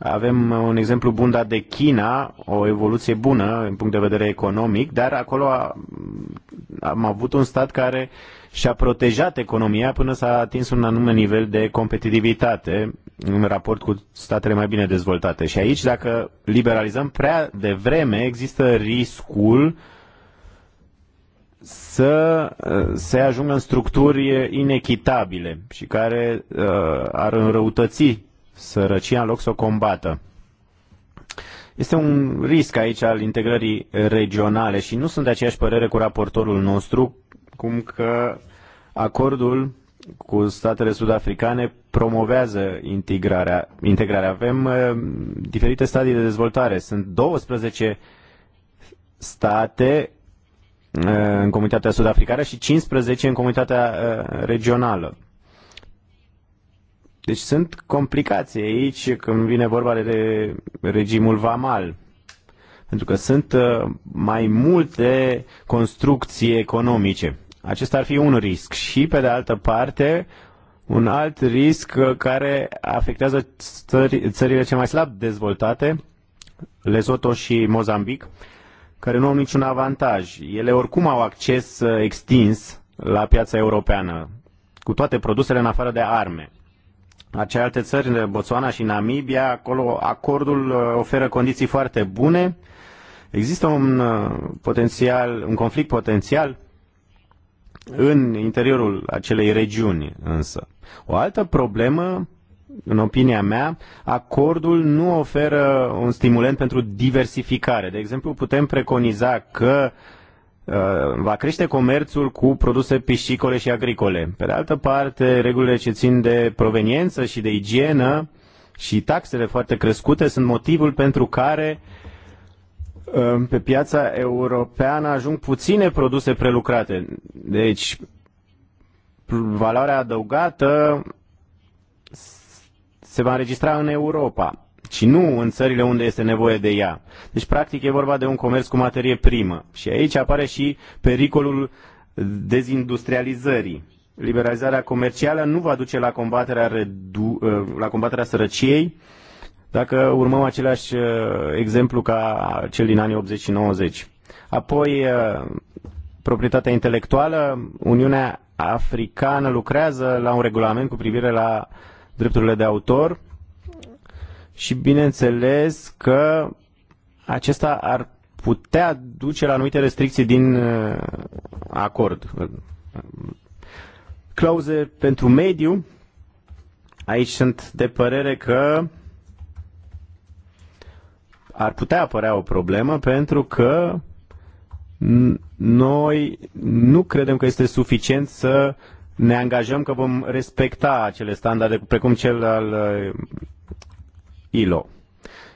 Avem un exemplu bun dat de China, o evoluție bună în punct de vedere economic, dar acolo am avut un stat care uh, și-a protejat economia până s-a atins un anume nivel de competitivitate în raport cu statele mai bine dezvoltate. Și aici, dacă liberalizăm prea devreme, există riscul să uh, se ajungă în structuri inechitabile și care uh, ar înrăutăți sărăcia în loc să o combată. Este un risc aici al integrării regionale și nu sunt de aceeași părere cu raportorul nostru cum că acordul cu statele sud-africane promovează integrarea. integrarea. Avem uh, diferite stadii de dezvoltare. Sunt 12 state uh, în comunitatea sud-africană și 15 în comunitatea uh, regională. Deci sunt complicații aici când vine vorba de regimul vamal. Pentru că sunt uh, mai multe construcții economice. Acesta ar fi un risc. Și, pe de altă parte, un alt risc uh, care afectează țări, țările cele mai slab dezvoltate, Lesotho și Mozambic, care nu au niciun avantaj. Ele oricum au acces uh, extins la piața europeană, cu toate produsele în afară de arme. La alte țări, uh, Botswana și Namibia, acolo acordul oferă condiții foarte bune. Există un potențial, un conflict potențial în interiorul acelei regiuni însă. O altă problemă, în opinia mea, acordul nu oferă un stimulent pentru diversificare. De exemplu, putem preconiza că uh, va crește comerțul cu produse piscicole și agricole. Pe de altă parte, regulile ce țin de proveniență și de igienă și taxele foarte crescute sunt motivul pentru care uh, pe piața europeană ajung puține produse prelucrate. Deci, valoarea adăugată se va înregistra în Europa ci nu în țările unde este nevoie de ea. Deci, practic, e vorba de un comerț cu materie primă. Și aici apare și pericolul dezindustrializării. Liberalizarea comercială nu va duce la combaterea, redu- la combaterea sărăciei, dacă urmăm același uh, exemplu ca cel din anii 80 și 90. Apoi, uh, proprietatea intelectuală, Uniunea Africană lucrează la un regulament cu privire la drepturile de autor și bineînțeles că acesta ar putea duce la anumite restricții din uh, acord. Clauze pentru mediu, aici sunt de părere că ar putea apărea o problemă pentru că noi nu credem că este suficient să ne angajăm că vom respecta acele standarde precum cel al uh, ILO.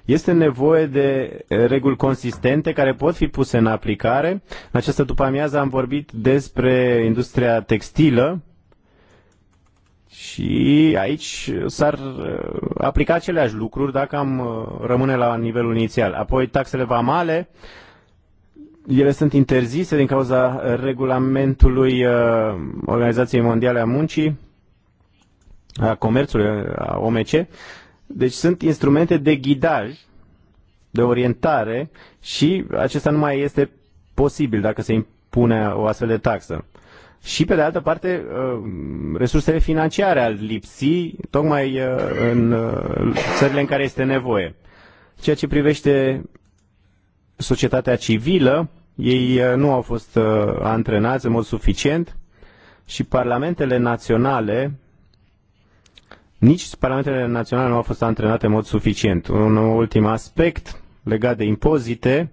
Este nevoie de reguli consistente care pot fi puse în aplicare. În această după amiază am vorbit despre industria textilă și aici s-ar uh, aplica aceleași lucruri dacă am uh, rămâne la nivelul inițial. Apoi taxele vamale, ele sunt interzise din cauza regulamentului uh, Organizației Mondiale a Muncii, a Comerțului, a OMC. Deci sunt instrumente de ghidaj, de orientare și acesta nu mai este posibil dacă se impune o astfel de taxă și, pe de altă parte, uh, resursele financiare al lipsii, tocmai uh, în uh, țările în care este nevoie. Ceea ce privește societatea civilă, ei nu au fost antrenați în mod suficient și parlamentele naționale, nici parlamentele naționale nu au fost antrenate în mod suficient. Un ultim aspect legat de impozite,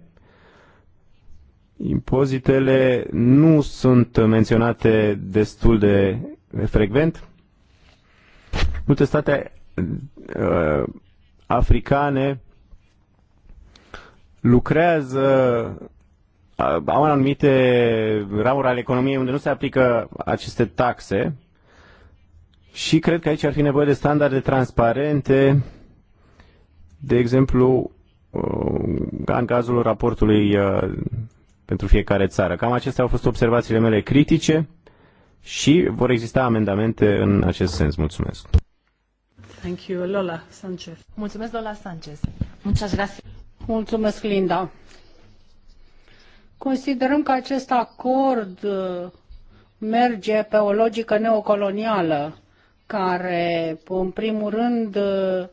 impozitele nu sunt menționate destul de frecvent. Multe state uh, africane lucrează uh, au anumite ramuri ale economiei unde nu se aplică aceste taxe și cred că aici ar fi nevoie de standarde transparente, de exemplu, uh, în cazul raportului uh, pentru fiecare țară. Cam acestea au fost observațiile mele critice și vor exista amendamente în acest sens. Mulțumesc. Thank you, Lola Sanchez. Mulțumesc, Lola Sanchez. Muchas gracias. Mulțumesc, Linda. Considerăm că acest acord uh, merge pe o logică neocolonială care, în primul rând, uh,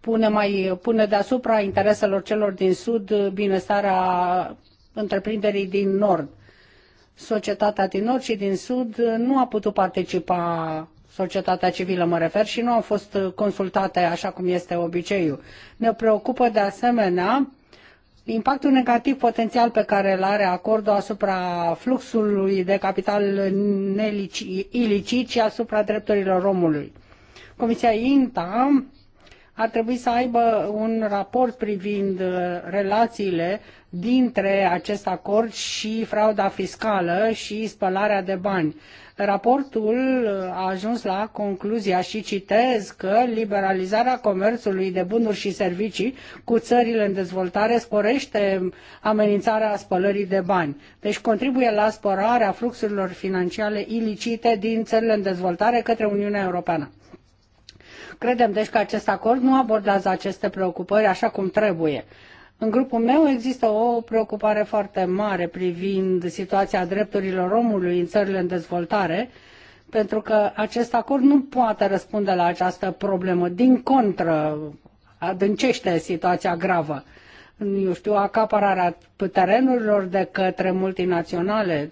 pune, mai, pune deasupra intereselor celor din Sud uh, binestarea întreprinderii din Nord. Societatea din Nord și din Sud nu a putut participa societatea civilă mă refer, și nu au fost consultate așa cum este obiceiul. Ne preocupă de asemenea impactul negativ potențial pe care îl are acordul asupra fluxului de capital ilicit și asupra drepturilor omului. Comisia INTA ar trebui să aibă un raport privind relațiile dintre acest acord și frauda fiscală și spălarea de bani. Raportul a ajuns la concluzia și citez că liberalizarea comerțului de bunuri și servicii cu țările în dezvoltare sporește amenințarea spălării de bani. Deci contribuie la spărarea fluxurilor financiare ilicite din țările în dezvoltare către Uniunea Europeană. Credem deci că acest acord nu abordează aceste preocupări așa cum trebuie. În grupul meu există o preocupare foarte mare privind situația drepturilor omului în țările în dezvoltare, pentru că acest acord nu poate răspunde la această problemă. Din contră, adâncește situația gravă. Eu știu, acapararea terenurilor de către multinaționale.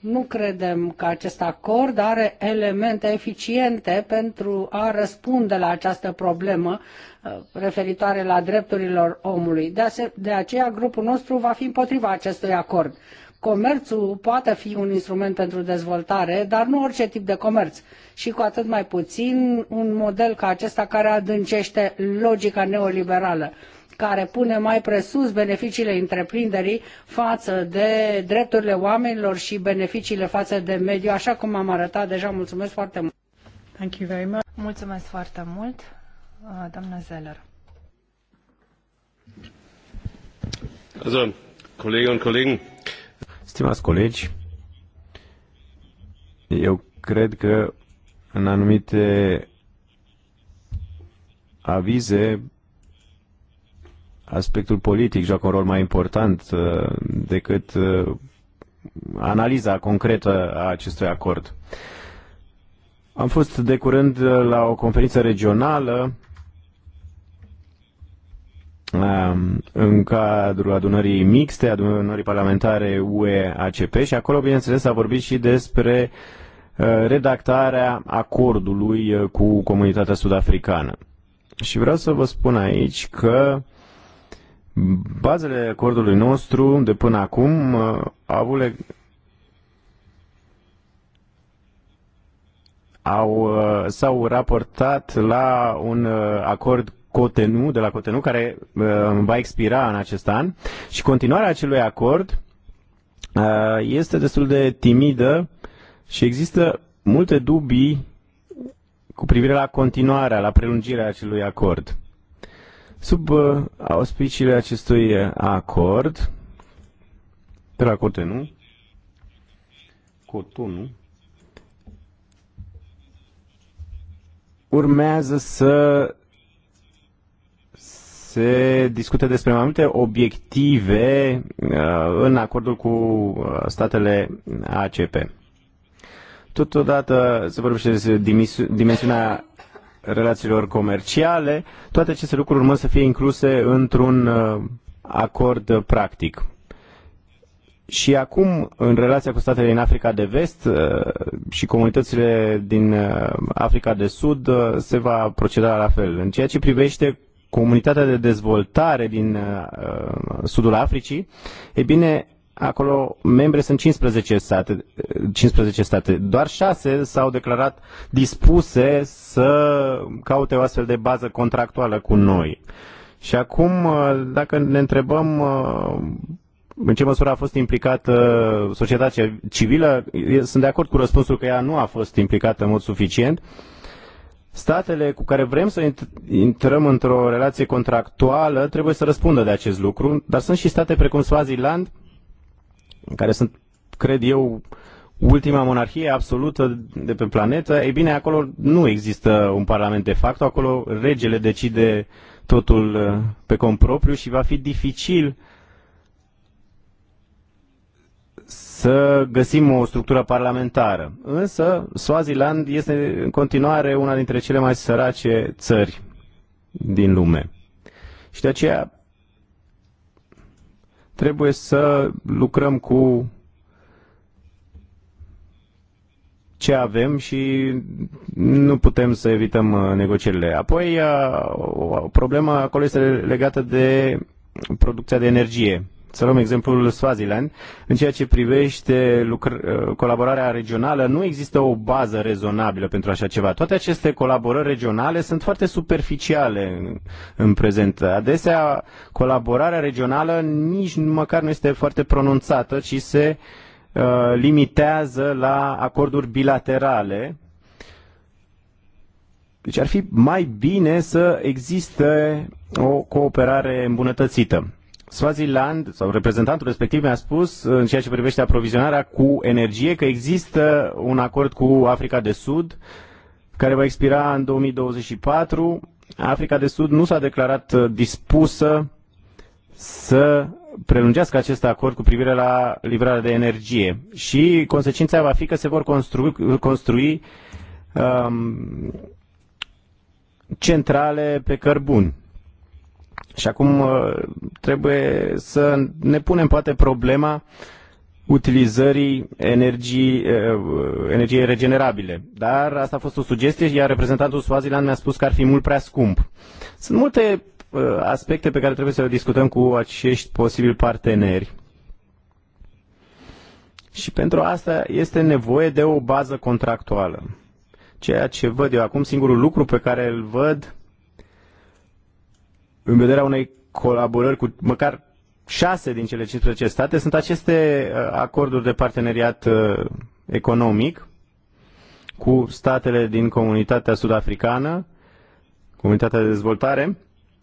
Nu credem că acest acord are elemente eficiente pentru a răspunde la această problemă Uh, referitoare la drepturilor omului. De, aceea, grupul nostru va fi împotriva acestui acord. Comerțul poate fi un instrument pentru dezvoltare, dar nu orice tip de comerț. Și cu atât mai puțin un model ca acesta care adâncește logica neoliberală care pune mai presus beneficiile întreprinderii față de drepturile oamenilor și beneficiile față de mediu, așa cum am arătat deja. Mulțumesc foarte mult! Thank you very much. Mulțumesc foarte mult! Uh, doamna Zeller. Also, Kolleginnen und Kollegen. Stimați colegi, eu cred că în anumite avize aspectul politic joacă un rol mai important uh, decât uh, analiza concretă a acestui acord. Am fost de curând la o conferință regională în cadrul adunării mixte, adunării parlamentare UE-ACP și acolo, bineînțeles, s-a vorbit și despre uh, redactarea acordului uh, cu comunitatea sud-africană. Și vreau să vă spun aici că bazele acordului nostru de până acum uh, au avut au, s-au raportat la un acord Cotenu, de la Cotenu, care uh, va expira în acest an și continuarea acelui acord uh, este destul de timidă și există multe dubii cu privire la continuarea, la prelungirea acelui acord. Sub uh, auspiciile acestui acord, de la Cotenu, Cotonu, urmează să se discute despre mai multe obiective uh, în acordul cu uh, statele ACP. Totodată se vorbește despre dimensiunea relațiilor comerciale, toate aceste lucruri urmă să fie incluse într-un uh, acord practic. Și acum, în relația cu statele din Africa de Vest și comunitățile din Africa de Sud, se va proceda la fel. În ceea ce privește comunitatea de dezvoltare din uh, uh, sudul Africii, e bine, acolo membre sunt 15 state, 15 uh, state. Doar 6 s-au declarat dispuse să caute o astfel de bază contractuală cu noi. Și acum, dacă ne întrebăm în ce măsură a fost implicată societatea civilă, sunt de acord cu răspunsul că ea nu a fost implicată în mod suficient. Statele cu care vrem să intrăm într-o relație contractuală trebuie să răspundă de acest lucru, dar sunt și state precum Swaziland, care sunt, cred eu, ultima monarhie absolută de pe planetă. Ei bine, acolo nu există un parlament de facto, acolo regele decide totul uh, pe propriu și va fi dificil uh, să găsim o structură parlamentară. Însă Swaziland este în continuare una dintre cele mai sărace țări din lume. Și de aceea trebuie să lucrăm cu ce avem și nu putem să evităm uh, negocierile. Apoi, uh, o problemă acolo este legată de producția de energie să luăm exemplul Swaziland, în ceea ce privește uh, colaborarea regională, nu există o bază rezonabilă pentru așa ceva. Toate aceste colaborări regionale sunt foarte superficiale în, în prezent. Adesea, colaborarea regională nici măcar nu este foarte pronunțată, ci se uh, limitează la acorduri bilaterale. Deci ar fi mai bine să existe o cooperare îmbunătățită. Swaziland sau reprezentantul respectiv mi-a spus uh, în ceea ce privește aprovizionarea cu energie că există un acord cu Africa de Sud care va expira în 2024. Africa de Sud nu s-a declarat uh, dispusă să prelungească acest acord cu privire la livrarea de energie și consecința va fi că se vor construi, construi um, centrale pe cărbun și acum uh, trebuie să ne punem poate problema utilizării energii, uh, energiei regenerabile. Dar asta a fost o sugestie, iar reprezentantul Swaziland mi-a spus că ar fi mult prea scump. Sunt multe uh, aspecte pe care trebuie să le discutăm cu acești posibili parteneri. Și pentru asta este nevoie de o bază contractuală. Ceea ce văd eu acum, singurul lucru pe care îl văd în vederea unei colaborări cu măcar șase din cele 15 state sunt aceste uh, acorduri de parteneriat uh, economic cu statele din comunitatea sud-africană, comunitatea de dezvoltare.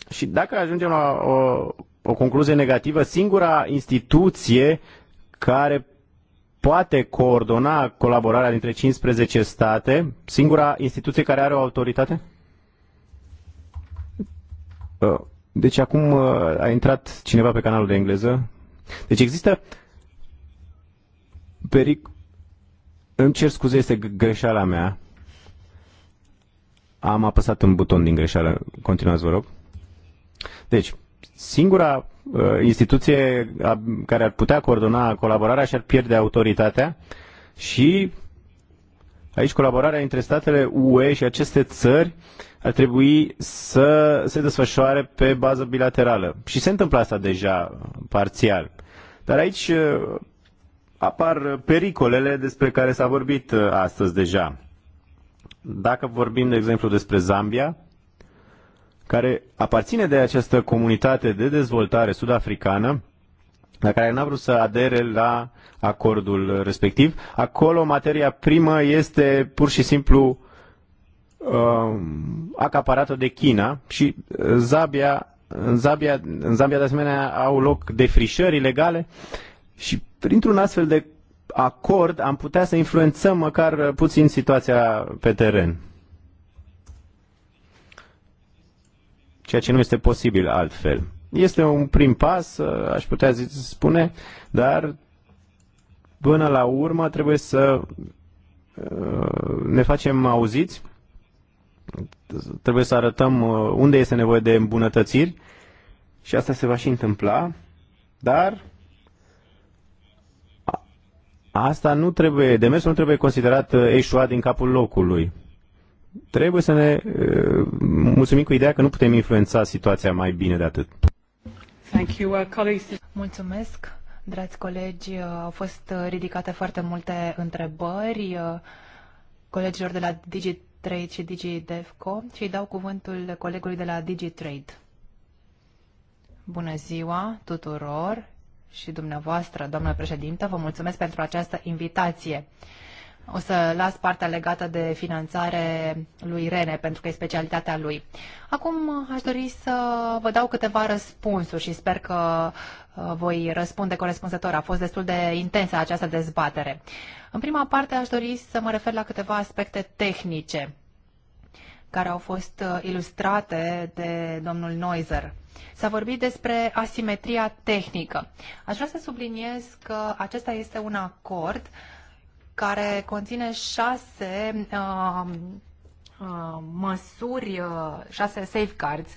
Și dacă ajungem la o, o concluzie negativă, singura instituție care poate coordona colaborarea dintre 15 state, singura instituție care are o autoritate? Uh, deci acum uh, a intrat cineva pe canalul de engleză. Deci există peric... Îmi cer scuze, este greșeala mea. Am apăsat un buton din greșeală. Continuați, vă rog. Deci, singura uh, instituție a, uh, care ar putea coordona colaborarea și-ar pierde autoritatea și Aici colaborarea între statele UE și aceste țări ar trebui să se desfășoare pe bază bilaterală. Și se întâmplă asta deja parțial. Dar aici uh, apar pericolele despre care s-a vorbit uh, astăzi deja. Dacă vorbim, de exemplu, despre Zambia, care aparține de această comunitate de dezvoltare sud-africană, dar care n-a vrut să adere la acordul respectiv. Acolo materia primă este pur și simplu uh, acaparată de China și Zabia, în, Zabia, în Zambia de asemenea au loc defrișări ilegale și printr-un astfel de acord am putea să influențăm măcar puțin situația pe teren. Ceea ce nu este posibil altfel. Este un prim pas, ă, aș putea spune, dar până la urmă trebuie să ă, ne facem auziți, trebuie să arătăm ă, unde este nevoie de îmbunătățiri și asta se va și întâmpla, dar asta nu trebuie, demersul nu trebuie considerat eșuat din capul locului. Trebuie să ne mulțumim cu ideea că nu putem influența situația mai bine de atât. Thank you, uh, colleagues. Mulțumesc, dragi colegi. Uh, au fost ridicate foarte multe întrebări uh, colegilor de la DigiTrade și DigiDevco și îi dau cuvântul colegului de la DigiTrade. Bună ziua tuturor și dumneavoastră, doamnă președintă, vă mulțumesc pentru această invitație. O să las partea legată de finanțare lui Rene, pentru că e specialitatea lui. Acum aș dori să vă dau câteva răspunsuri și sper că uh, voi răspunde corespunzător. A fost destul de intensă această dezbatere. În prima parte aș dori să mă refer la câteva aspecte tehnice care au fost uh, ilustrate de domnul Neuser. S-a vorbit despre asimetria tehnică. Aș vrea să subliniez că acesta este un acord uh, care conține șase uh, uh, măsuri, uh, șase safeguards.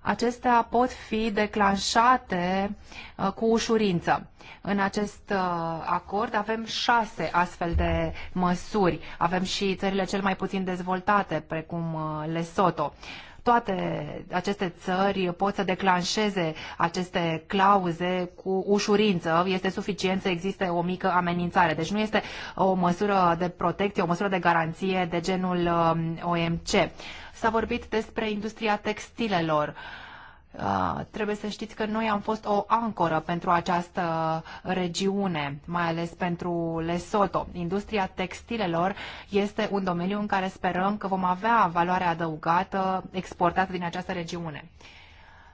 Acestea pot fi declanșate uh, cu ușurință. În acest uh, acord avem șase astfel de măsuri. Avem și țările cel mai puțin dezvoltate, precum uh, Lesotho. Uh, toate aceste țări pot să declanșeze aceste clauze cu ușurință. Este suficient să existe o mică amenințare. Deci nu este o măsură de protecție, o măsură de garanție de genul um, OMC. S-a vorbit despre industria textilelor. Uh, Ah, trebuie să știți că noi am fost o ancoră pentru această regiune, mai ales pentru Lesoto. Industria textilelor este un domeniu în care sperăm că vom avea valoare adăugată exportată din această regiune.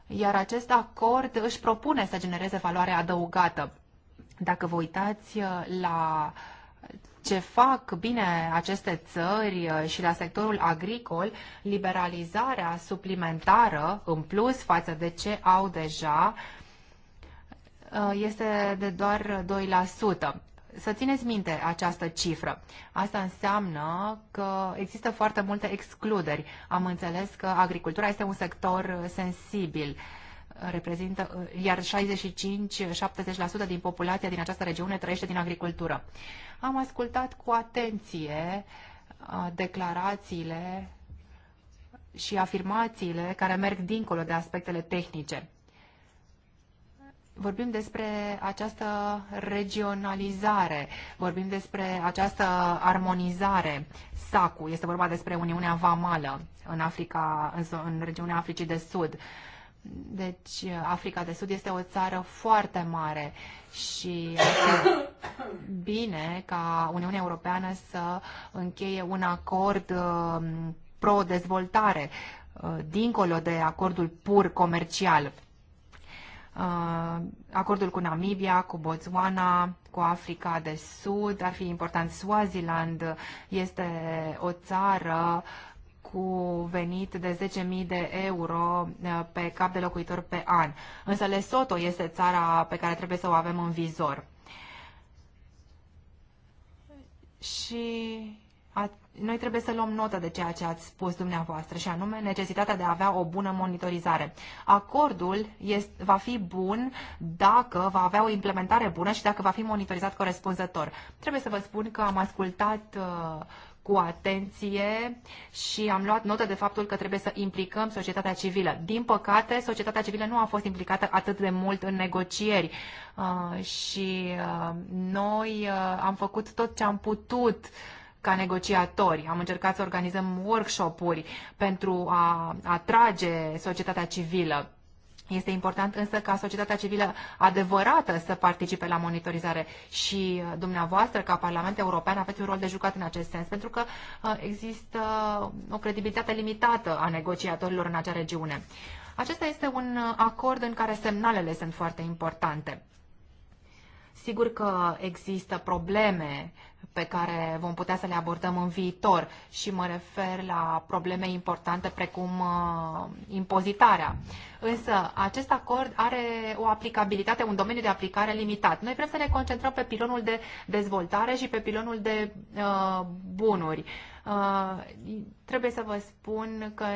Iar acest acord își propune să genereze valoare adăugată. Dacă vă uitați la ce fac bine aceste țări uh, și la sectorul agricol, liberalizarea suplimentară în plus față de ce au deja uh, este de doar 2%. Să țineți minte această cifră. Asta înseamnă că există foarte multe excluderi. Am înțeles că agricultura este un sector sensibil. Uh, reprezintă, uh, iar 65-70% din populația din această regiune trăiește din agricultură. Am ascultat cu atenție uh, declarațiile și afirmațiile care merg dincolo de aspectele tehnice. Vorbim despre această regionalizare, vorbim despre această armonizare. SACU, este vorba despre Uniunea Vamală în, Africa, în, în regiunea Africii de Sud. Deci Africa de Sud este o țară foarte mare și este bine ca Uniunea Europeană să încheie un acord um, pro-dezvoltare, uh, dincolo de acordul pur comercial. Uh, acordul cu Namibia, cu Botswana, cu Africa de Sud, ar fi important Swaziland, este o țară uh, cu venit de 10.000 de euro eh, pe cap de locuitor pe an. Însă Lesoto este țara pe care trebuie să o avem în vizor. Și a, noi trebuie să luăm notă de ceea ce ați spus dumneavoastră, și anume necesitatea de a avea o bună monitorizare. Acordul este, va fi bun dacă va avea o implementare bună și dacă va fi monitorizat corespunzător. Trebuie să vă spun că am ascultat uh, cu atenție și am luat notă de faptul că trebuie să implicăm societatea civilă. Din păcate, societatea civilă nu a fost implicată atât de mult în negocieri uh, și uh, noi uh, am făcut tot ce am putut ca negociatori. Am încercat să organizăm workshop-uri pentru a atrage societatea civilă este important însă ca societatea civilă adevărată să participe la monitorizare și uh, dumneavoastră, ca Parlament European, aveți un rol de jucat în acest sens, pentru că uh, există o credibilitate limitată a negociatorilor în acea regiune. Acesta este un uh, acord în care semnalele sunt foarte importante. Sigur că există probleme pe care vom putea să le abordăm în viitor și mă refer la probleme importante precum uh, impozitarea. Însă acest acord are o aplicabilitate, un domeniu de aplicare limitat. Noi vrem să ne concentrăm pe pilonul de dezvoltare și pe pilonul de uh, bunuri. Uh, Uh, trebuie să vă spun că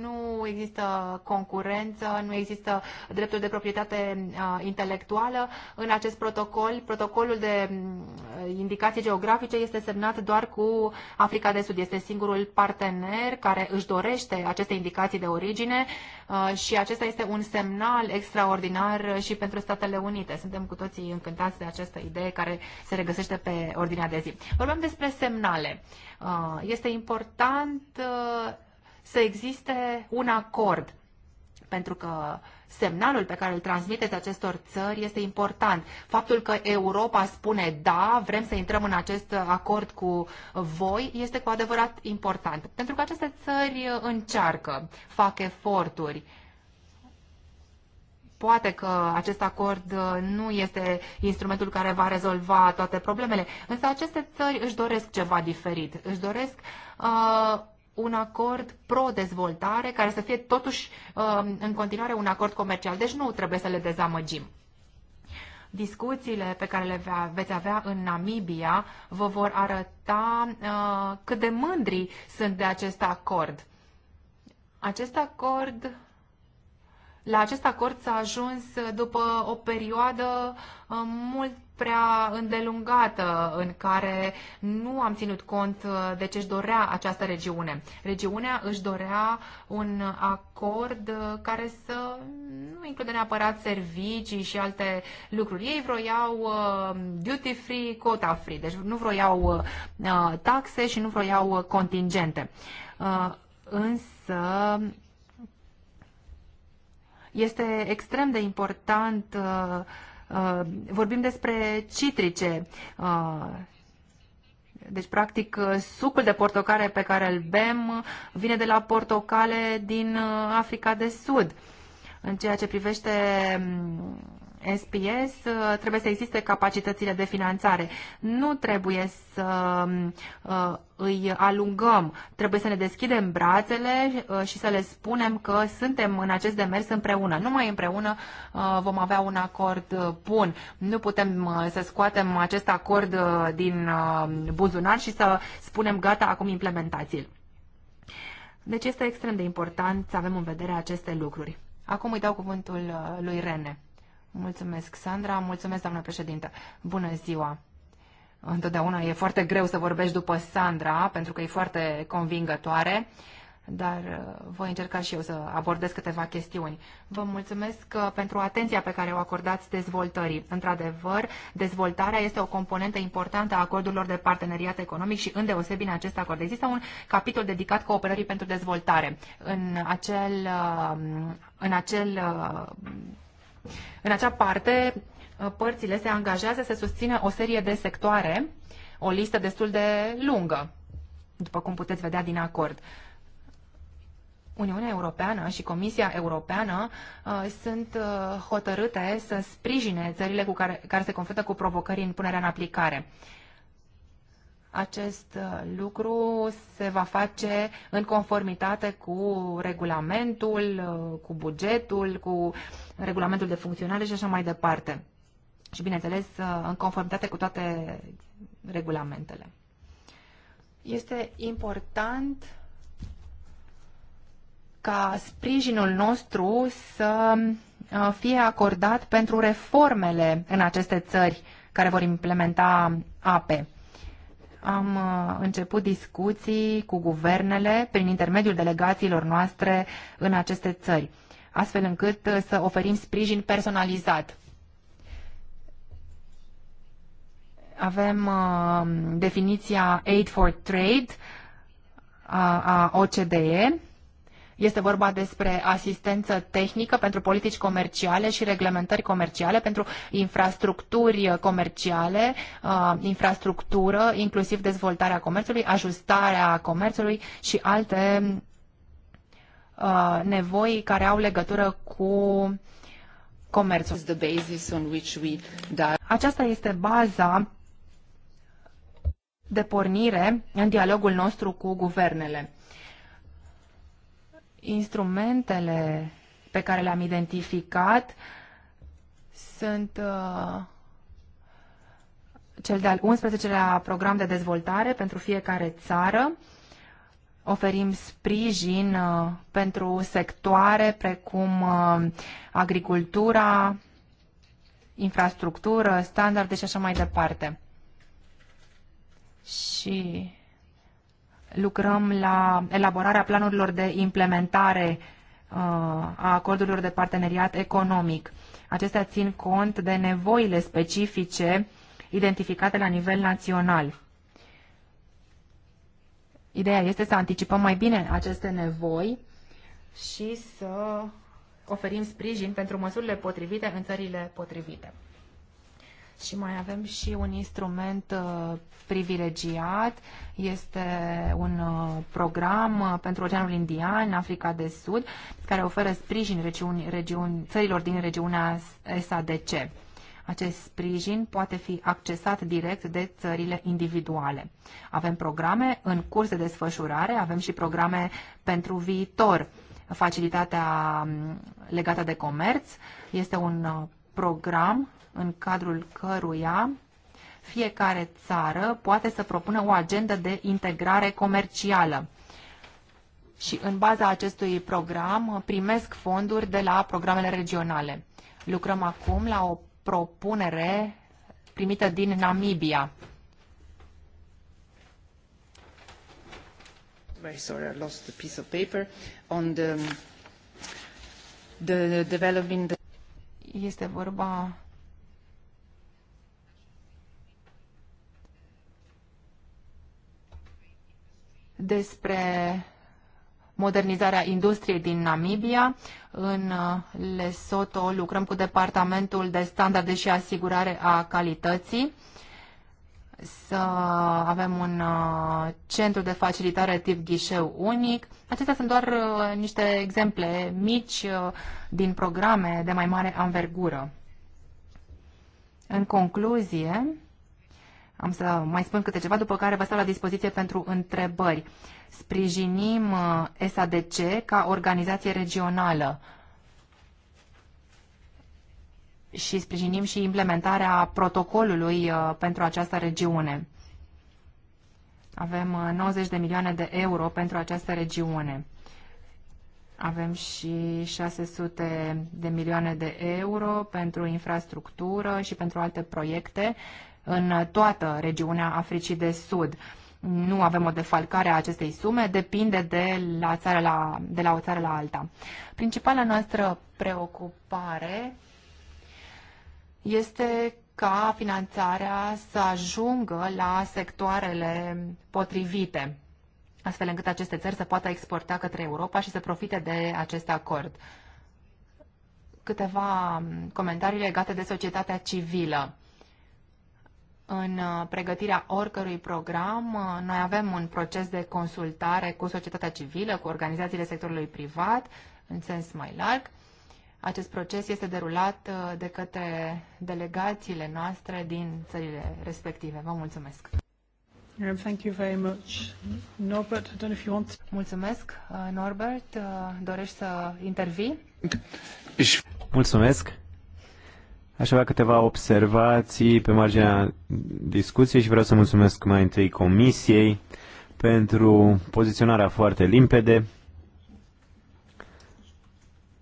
nu există concurență, nu există drepturi de proprietate uh, intelectuală în acest protocol. Protocolul de mm, indicații geografice este semnat doar cu Africa de Sud. Este singurul partener care își dorește aceste indicații de origine uh, și acesta este un semnal extraordinar și pentru Statele Unite. Suntem cu toții încântați de această idee care se regăsește pe ordinea de zi. Vorbim despre semnale. Uh, Uh, este important uh, să existe un acord, pentru că semnalul pe care îl transmiteți acestor țări este important. Faptul că Europa spune da, vrem să intrăm în acest acord cu voi, este cu adevărat important. Pentru că aceste țări uh, încearcă, fac eforturi Poate că acest acord uh, nu este instrumentul care va rezolva toate problemele, însă aceste țări își doresc ceva diferit. Își doresc uh, un acord pro-dezvoltare care să fie totuși uh, în continuare un acord comercial. Deci nu trebuie să le dezamăgim discuțiile pe care le veți avea în Namibia vă vor arăta uh, cât de mândri sunt de acest acord. Acest acord la acest acord s-a ajuns după o perioadă uh, mult prea îndelungată în care nu am ținut cont uh, de ce își dorea această regiune. Regiunea își dorea un acord uh, care să nu include neapărat servicii și alte lucruri. Ei vroiau duty free, quota free, deci nu vroiau taxe și nu vroiau contingente. Însă este extrem de important. Uh, uh, vorbim despre citrice. Uh, deci, practic, sucul de portocale pe care îl bem vine de la portocale din Africa de Sud. În ceea ce privește mm, SPS, uh, trebuie să existe capacitățile de finanțare. Nu trebuie să um, uh, îi alungăm, trebuie să ne deschidem brațele uh, și să le spunem că suntem în acest demers împreună. Numai împreună vom avea un acord bun. Nu putem să scoatem acest acord din um, buzunar și să spunem gata, acum implementați-l. Deci este extrem de important să avem în vedere aceste lucruri. Acum îi dau cuvântul lui Rene. Mulțumesc, Sandra. Mulțumesc, doamnă președintă. Bună ziua! Întotdeauna e foarte greu să vorbești după Sandra, pentru că e foarte convingătoare, dar uh, voi încerca și eu să abordez câteva chestiuni. Vă mulțumesc uh, pentru atenția pe care o acordați dezvoltării. Într-adevăr, dezvoltarea este o componentă importantă a acordurilor de parteneriat economic și îndeosebi în acest acord. Există un capitol dedicat cooperării pentru dezvoltare. În acel, uh, în acel în acea parte, uh, părțile se angajează să susțină o serie de sectoare, o listă destul de lungă, după cum puteți vedea din acord. Uniunea Europeană și Comisia Europeană uh, sunt uh, hotărâte să sprijine țările cu care, care se confruntă cu provocări în punerea în aplicare acest uh, lucru se va face în conformitate cu regulamentul, uh, cu bugetul, cu regulamentul de funcționare și așa mai departe. Și, bineînțeles, uh, în conformitate cu toate regulamentele. Este important ca sprijinul nostru să fie acordat pentru reformele în aceste țări care vor implementa APE am uh, început discuții cu guvernele prin intermediul delegațiilor noastre în aceste țări, astfel încât uh, să oferim sprijin personalizat. Avem uh, definiția Aid for Trade a OCDE, este vorba despre asistență tehnică pentru politici comerciale și reglementări comerciale, pentru infrastructuri comerciale, uh, infrastructură, inclusiv dezvoltarea comerțului, ajustarea comerțului și alte uh, nevoi care au legătură cu comerțul. Aceasta este baza de pornire în dialogul nostru cu guvernele instrumentele pe care le-am identificat sunt uh, cel de-al 11-lea program de dezvoltare pentru fiecare țară. Oferim sprijin uh, pentru sectoare precum uh, agricultura, infrastructură, standarde și așa mai departe. Și lucrăm la elaborarea planurilor de implementare uh, a acordurilor de parteneriat economic. Acestea țin cont de nevoile specifice identificate la nivel național. Ideea este să anticipăm mai bine aceste nevoi și să oferim sprijin pentru măsurile potrivite în țările potrivite. Și mai avem și un instrument uh, privilegiat, este un uh, program uh, pentru Oceanul Indian, Africa de Sud, care oferă sprijin regiuni, regiuni, țărilor din regiunea SADC. Acest sprijin poate fi accesat direct de țările individuale. Avem programe în curs de desfășurare, avem și programe pentru viitor. Facilitatea mm, legată de comerț este un program în cadrul căruia fiecare țară poate să propună o agendă de integrare comercială. Și în baza acestui program primesc fonduri de la programele regionale. Lucrăm acum la o propunere primită din Namibia. Very sorry, I lost the piece of paper on the, the developing Este vorba despre modernizarea industriei din Namibia. În uh, Lesotho lucrăm cu Departamentul de Standarde și Asigurare a Calității să avem un uh, centru de facilitare tip ghișeu unic. Acestea sunt doar uh, niște exemple mici din programe de mai mare anvergură. În concluzie, am să mai spun câte ceva, după care vă stau la dispoziție pentru întrebări. Sprijinim uh, SADC ca organizație regională și sprijinim și implementarea protocolului uh, pentru această regiune. Avem 90 uh, de milioane de euro pentru această regiune. Avem și 600 de milioane de euro pentru infrastructură și pentru alte proiecte în toată regiunea Africii de Sud. Nu avem o defalcare a acestei sume, depinde de la, țară la, de la o țară la alta. Principala noastră preocupare este ca finanțarea să ajungă la sectoarele potrivite, astfel încât aceste țări să poată exporta către Europa și să profite de acest acord. Câteva comentarii legate de societatea civilă în uh, pregătirea oricărui program. Uh, noi avem un proces de consultare cu societatea civilă, cu organizațiile sectorului privat, în sens mai larg. Acest proces este derulat uh, de către delegațiile noastre din țările respective. Vă mulțumesc! Thank you very much. Norbert, I don't know if you want... Mulțumesc, Norbert. Dorești să intervii? Mulțumesc. Aș avea câteva observații pe marginea discuției și vreau să mulțumesc mai întâi Comisiei pentru poziționarea foarte limpede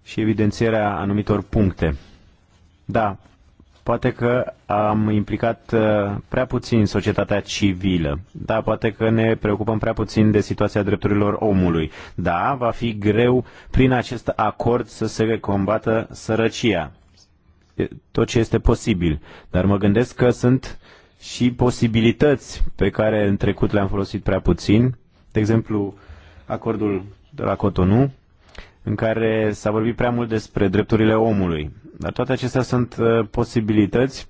și evidențierea anumitor puncte. Da, poate că am implicat uh, prea puțin societatea civilă. Da, poate că ne preocupăm prea puțin de situația drepturilor omului. Da, va fi greu prin acest acord să se combată sărăcia tot ce este posibil. Dar mă gândesc că sunt și posibilități pe care în trecut le-am folosit prea puțin. De exemplu, acordul de la Cotonou, în care s-a vorbit prea mult despre drepturile omului. Dar toate acestea sunt uh, posibilități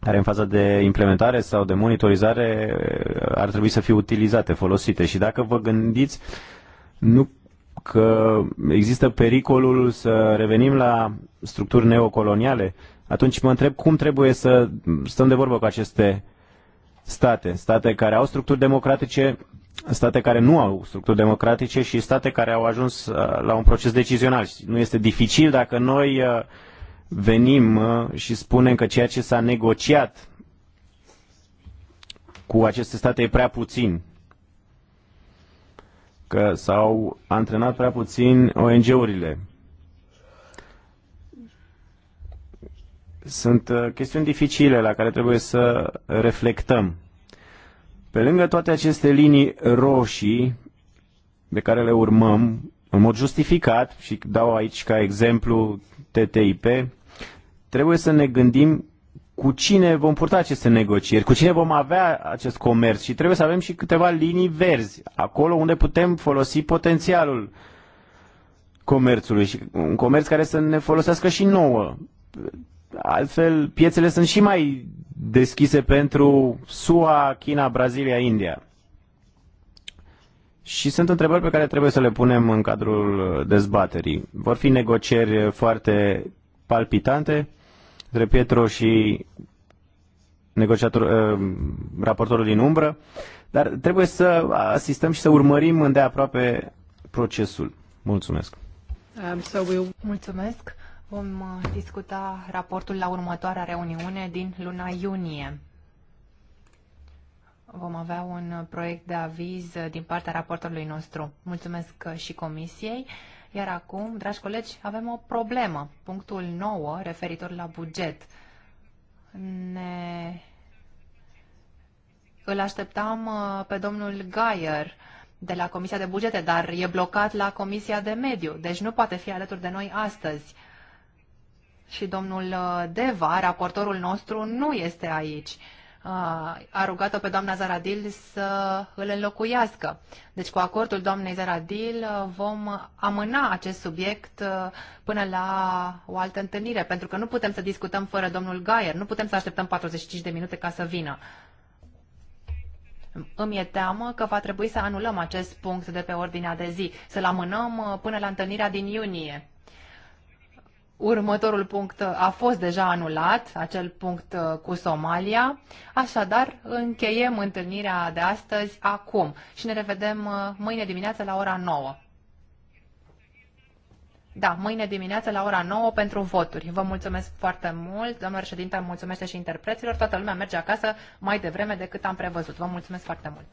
care în faza de implementare sau de monitorizare uh, ar trebui să fie utilizate, folosite. Și dacă vă gândiți, nu că există pericolul să revenim la structuri neocoloniale, atunci mă întreb cum trebuie să stăm de vorbă cu aceste state, state care au structuri democratice, state care nu au structuri democratice și state care au ajuns uh, la un proces decizional. Nu este dificil dacă noi uh, venim uh, și spunem că ceea ce s-a negociat cu aceste state e prea puțin că s-au antrenat prea puțin ONG-urile. Sunt uh, chestiuni dificile la care trebuie să reflectăm. Pe lângă toate aceste linii roșii pe care le urmăm, în mod justificat, și dau aici ca exemplu TTIP, trebuie să ne gândim cu cine vom purta aceste negocieri, cu cine vom avea acest comerț și trebuie să avem și câteva linii verzi, acolo unde putem folosi potențialul comerțului și un comerț care să ne folosească și nouă. Altfel, piețele sunt și mai deschise pentru SUA, China, Brazilia, India. Și sunt întrebări pe care trebuie să le punem în cadrul dezbaterii. Vor fi negocieri foarte palpitante între Pietro și negociatorul, uh, raportorul din umbră, dar trebuie să asistăm și să urmărim îndeaproape procesul. Mulțumesc! Um, Mulțumesc! Vom uh, discuta raportul la următoarea reuniune din luna iunie. Vom avea un proiect de aviz uh, din partea raportorului nostru. Mulțumesc și comisiei. Iar acum, dragi colegi, avem o problemă. Punctul 9, referitor la buget. Ne... Îl așteptam uh, pe domnul Gaier de la Comisia de Bugete, dar e blocat la Comisia de Mediu, deci nu poate fi alături de noi astăzi. Și domnul uh, Deva, raportorul nostru, nu este aici a rugat-o pe doamna Zaradil să îl înlocuiască. Deci cu acordul doamnei Zaradil uh, vom amâna acest subiect uh, până la o altă întâlnire, pentru că nu putem să discutăm fără domnul Gaier, nu putem să așteptăm 45 de minute ca să vină. Îmi e teamă că va trebui să anulăm acest punct de pe ordinea de zi, să-l amânăm uh, până la întâlnirea din iunie. Următorul punct uh, a fost deja anulat, acel punct uh, cu Somalia. Așadar, încheiem întâlnirea de astăzi acum și ne revedem uh, mâine dimineață la ora 9. Da, mâine dimineață la ora 9 pentru voturi. Vă mulțumesc foarte mult. domnul președinte, mulțumesc și interpreților. Toată lumea merge acasă mai devreme decât am prevăzut. Vă mulțumesc foarte mult.